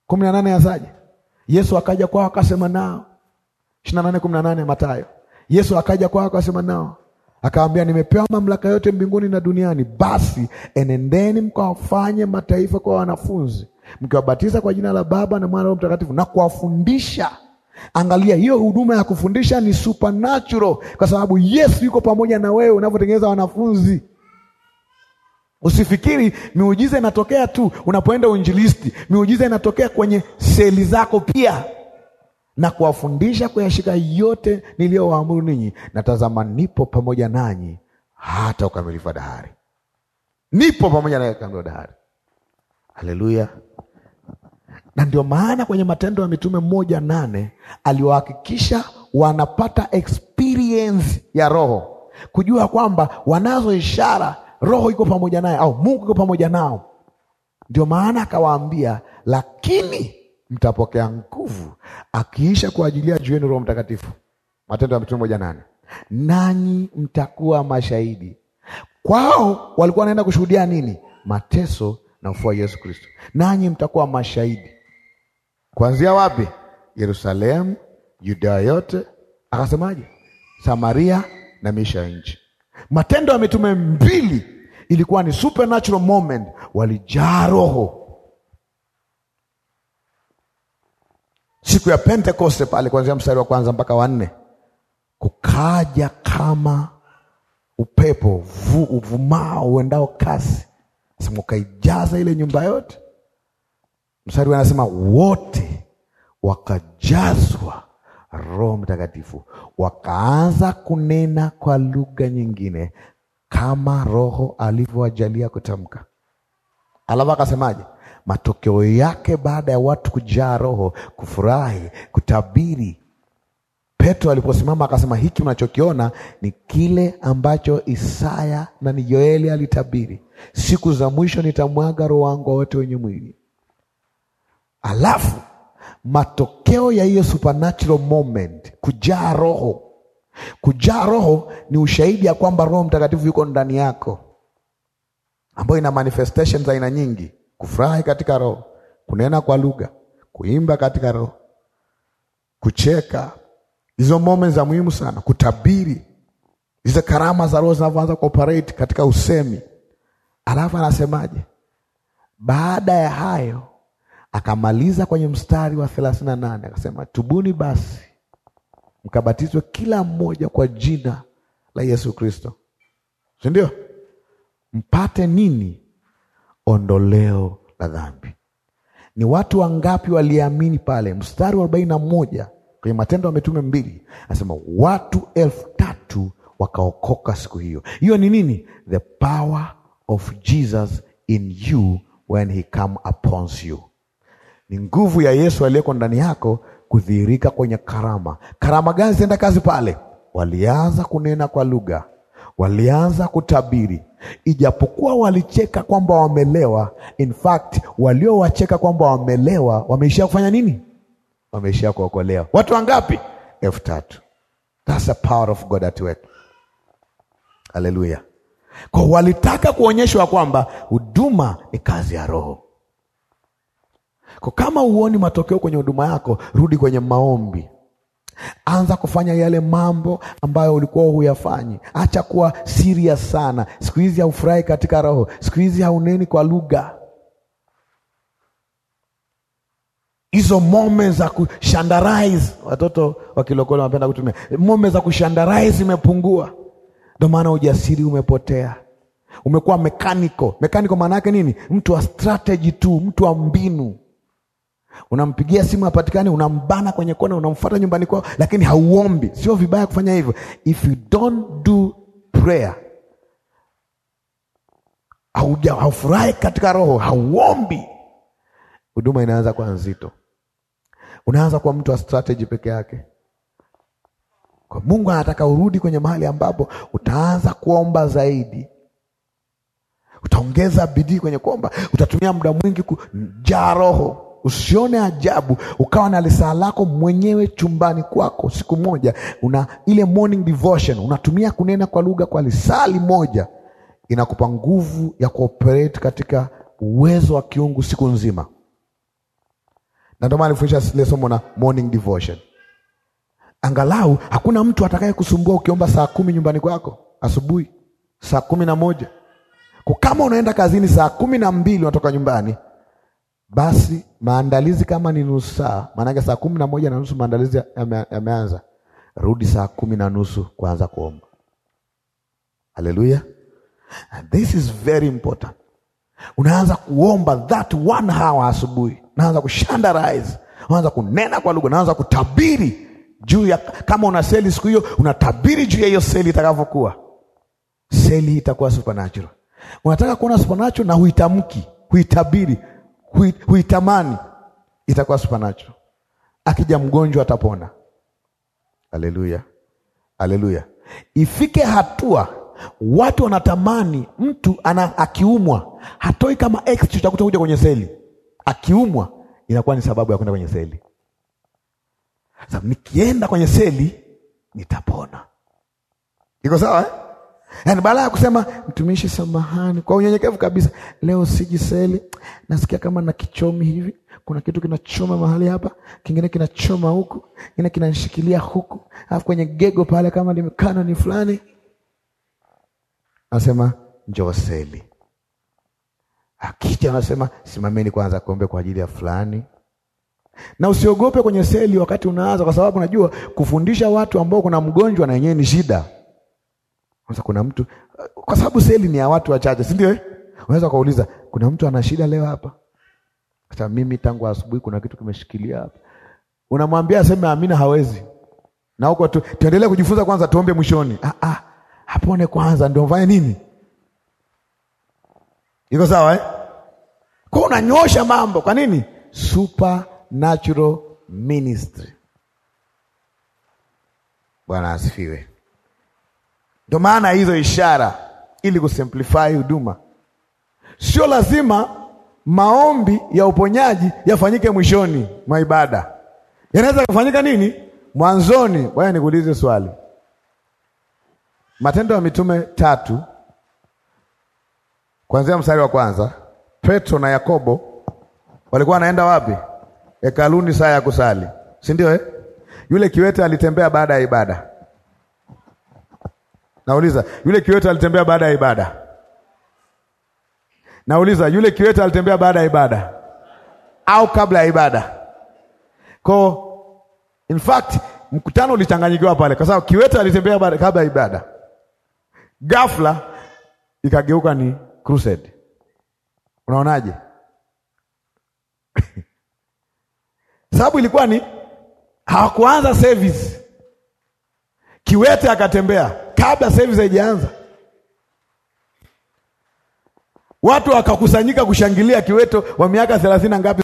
kumi na nane yazaje? Yesu akaja kwao akasema nao, ishirini na nane kumi na nane Mathayo. Yesu akaja kwao akasema nao, akaambia nimepewa mamlaka yote mbinguni na duniani, basi enendeni mkawafanye mataifa kwa wanafunzi, mkiwabatiza kwa jina la Baba na Mwana na Roho Mtakatifu na kuwafundisha Angalia, hiyo huduma ya kufundisha ni supernatural, kwa sababu Yesu yuko pamoja na wewe unavyotengeneza wanafunzi. Usifikiri miujiza inatokea tu unapoenda uinjilisti. Miujiza inatokea kwenye seli zako pia, na kuwafundisha kuyashika yote niliyowaamuru ninyi, na tazama, nipo pamoja nanyi hata ukamilifu wa dahari. Nipo pamoja nanyi ukamilifu dahari. Haleluya! na ndio maana kwenye Matendo ya Mitume moja nane aliwahakikisha wanapata experience ya Roho, kujua kwamba wanazo ishara, Roho iko pamoja naye au Mungu iko pamoja nao. Ndio maana akawaambia, lakini mtapokea nguvu akiisha kuajilia juu yenu Roho Mtakatifu. Matendo ya Mitume moja nane nanyi mtakuwa mashahidi. Kwao walikuwa wanaenda kushuhudia nini? Mateso na ufua Yesu Kristo, nanyi mtakuwa mashahidi kuanzia wapi? Yerusalemu, Yudea yote, akasemaje? Samaria na miisha ya nchi. Matendo ya Mitume mbili ilikuwa ni supernatural moment, walijaa Roho siku ya Pentekoste pale, kuanzia mstari wa kwanza mpaka wa nne kukaja kama upepo uvumao uendao kasi, sema ukaijaza ile nyumba yote. Mstari anasema wote wakajazwa Roho Mtakatifu, wakaanza kunena kwa lugha nyingine kama Roho alivyowajalia kutamka. Alafu akasemaje? Matokeo yake baada ya watu kujaa Roho, kufurahi, kutabiri. Petro aliposimama akasema, hiki mnachokiona ni kile ambacho Isaya na ni Yoeli alitabiri, siku za mwisho nitamwaga Roho wangu wote wenye mwili. Alafu matokeo ya hiyo supernatural moment, kujaa Roho. Kujaa Roho ni ushahidi ya kwamba Roho Mtakatifu yuko ndani yako, ambayo ina manifestation za aina nyingi: kufurahi katika Roho, kunena kwa lugha, kuimba katika Roho, kucheka. Hizo moments za muhimu sana, kutabiri. Hizo karama za Roho zinavyoanza kuoperate katika usemi. Alafu anasemaje baada ya hayo? akamaliza kwenye mstari wa thelathini na nane akasema, tubuni basi mkabatizwe kila mmoja kwa jina la Yesu Kristo, si ndio? Mpate nini? Ondoleo la dhambi. Ni watu wangapi waliamini pale? Mstari wa arobaini na moja kwenye Matendo ya Mitume mbili anasema watu elfu tatu wakaokoka siku hiyo. Hiyo ni nini? The power of Jesus in you when he come upon you ni nguvu ya Yesu aliyeko ndani yako kudhihirika kwenye karama. Karama gani zenda kazi pale? Walianza kunena kwa lugha, walianza kutabiri. Ijapokuwa walicheka kwamba wamelewa, in fact waliowacheka kwamba wamelewa wameishia kufanya nini? Wameishia kuokolewa. Watu wangapi? elfu tatu. That's the power of God at work. Haleluya! Kwa walitaka kuonyeshwa kwamba huduma ni kazi ya Roho. Kwa kama huoni matokeo kwenye huduma yako, rudi kwenye maombi. Anza kufanya yale mambo ambayo ulikuwa huyafanyi. Acha kuwa serious sana. Siku hizi haufurahi katika roho, siku hizi hauneni kwa lugha. Hizo moments za kushandarize, watoto wa kilokole wanapenda kutumia moments za kushandarize, imepungua. Ndio maana ujasiri umepotea, umekuwa mekaniko. Mekaniko maana yake nini? Mtu wa strategy tu, mtu wa mbinu Unampigia simu hapatikani, unambana kwenye kona, unamfuata nyumbani kwao, lakini hauombi. Sio vibaya kufanya hivyo, if you don't do prayer haufurahi katika roho, hauombi, huduma inaanza kuwa nzito. Unaanza kuwa mtu wa strategy peke yake. Kwa Mungu anataka urudi kwenye mahali ambapo utaanza kuomba zaidi, utaongeza bidii kwenye kuomba, utatumia muda mwingi kujaa roho Usione ajabu ukawa na lisaa lako mwenyewe chumbani kwako siku moja, una ile morning devotion unatumia kunena kwa lugha kwa lisaa limoja, inakupa nguvu ya kuoperate katika uwezo wa kiungu siku nzima. Na ndio maana ile somo na morning devotion, angalau hakuna mtu atakaye kusumbua ukiomba saa kumi nyumbani kwako asubuhi, saa kumi na moja kwa kama unaenda kazini saa kumi na mbili unatoka nyumbani basi maandalizi kama ni nusu saa, maanake saa kumi na moja na nusu maandalizi yameanza, ya rudi saa kumi na nusu kuanza kuomba. Haleluya, this is very important. Unaanza kuomba that one hour asubuhi, unaanza kushandarize, unaanza kunena kwa lugha, unaanza kutabiri juu ya kama una seli siku hiyo, unatabiri juu ya hiyo seli itakavyokuwa. Seli itakuwa supernatural. Unataka kuona supernatural na huitamki, huitabiri huitamani, itakuwa supanacho. Akija mgonjwa atapona. Haleluya, haleluya! Ifike hatua watu wanatamani mtu ana, akiumwa hatoi kama extra cha kutokuja kwenye seli. Akiumwa inakuwa ni sababu ya kwenda kwenye seli. Sasa nikienda kwenye seli nitapona, iko sawa eh? Yaani baada ya kusema mtumishi, samahani, kwa unyenyekevu kabisa, leo sijiseli, nasikia kama na kichomi hivi, kuna kitu kinachoma mahali hapa, kingine kinachoma huku, kingine kinanishikilia huku, alafu kwenye gego pale kama limekana ni fulani. Anasema njoo seli. Akija anasema simameni kwanza kuombe kwa ajili ya fulani na usiogope kwenye seli wakati unaanza, kwa sababu najua kufundisha watu ambao kuna mgonjwa na yenyewe ni shida. Sasa kuna mtu eh, kwa sababu seli ni ya watu wachache, si ndio? Eh? Unaweza kuuliza kuna mtu ana shida leo hapa? Sasa mimi tangu asubuhi kuna kitu kimeshikilia hapa. Unamwambia aseme amina, hawezi. Na huko tu tuendelee kujifunza kwanza, tuombe mwishoni. Ah ah, hapone kwanza ndio mfanye nini? Iko sawa eh? Kwa unanyosha mambo kwa nini? Supernatural ministry. Bwana asifiwe. Ndio maana hizo ishara, ili kusimplify huduma. Sio lazima maombi ya uponyaji yafanyike mwishoni mwa ibada, yanaweza kufanyika nini mwanzoni. Bwana, nikuulize swali. Matendo ya Mitume tatu kuanzia mstari wa kwanza, Petro na Yakobo walikuwa wanaenda wapi? Hekaluni saa ya kusali, si ndio eh? Yule kiwete alitembea baada ya ibada Nauliza, yule kiwete alitembea baada ya ibada? Nauliza, yule kiwete alitembea baada ya ibada au kabla ya ibada? Ko, in fact mkutano ulichanganyikiwa pale, kwa sababu kiwete alitembea kabla ya ibada, ghafla ikageuka ni crusade. Unaonaje? sababu ilikuwa ni hawakuanza service Kiwete akatembea kabla hivi haijaanza, watu wakakusanyika kushangilia Kiwete wa miaka thelathini na ngapi.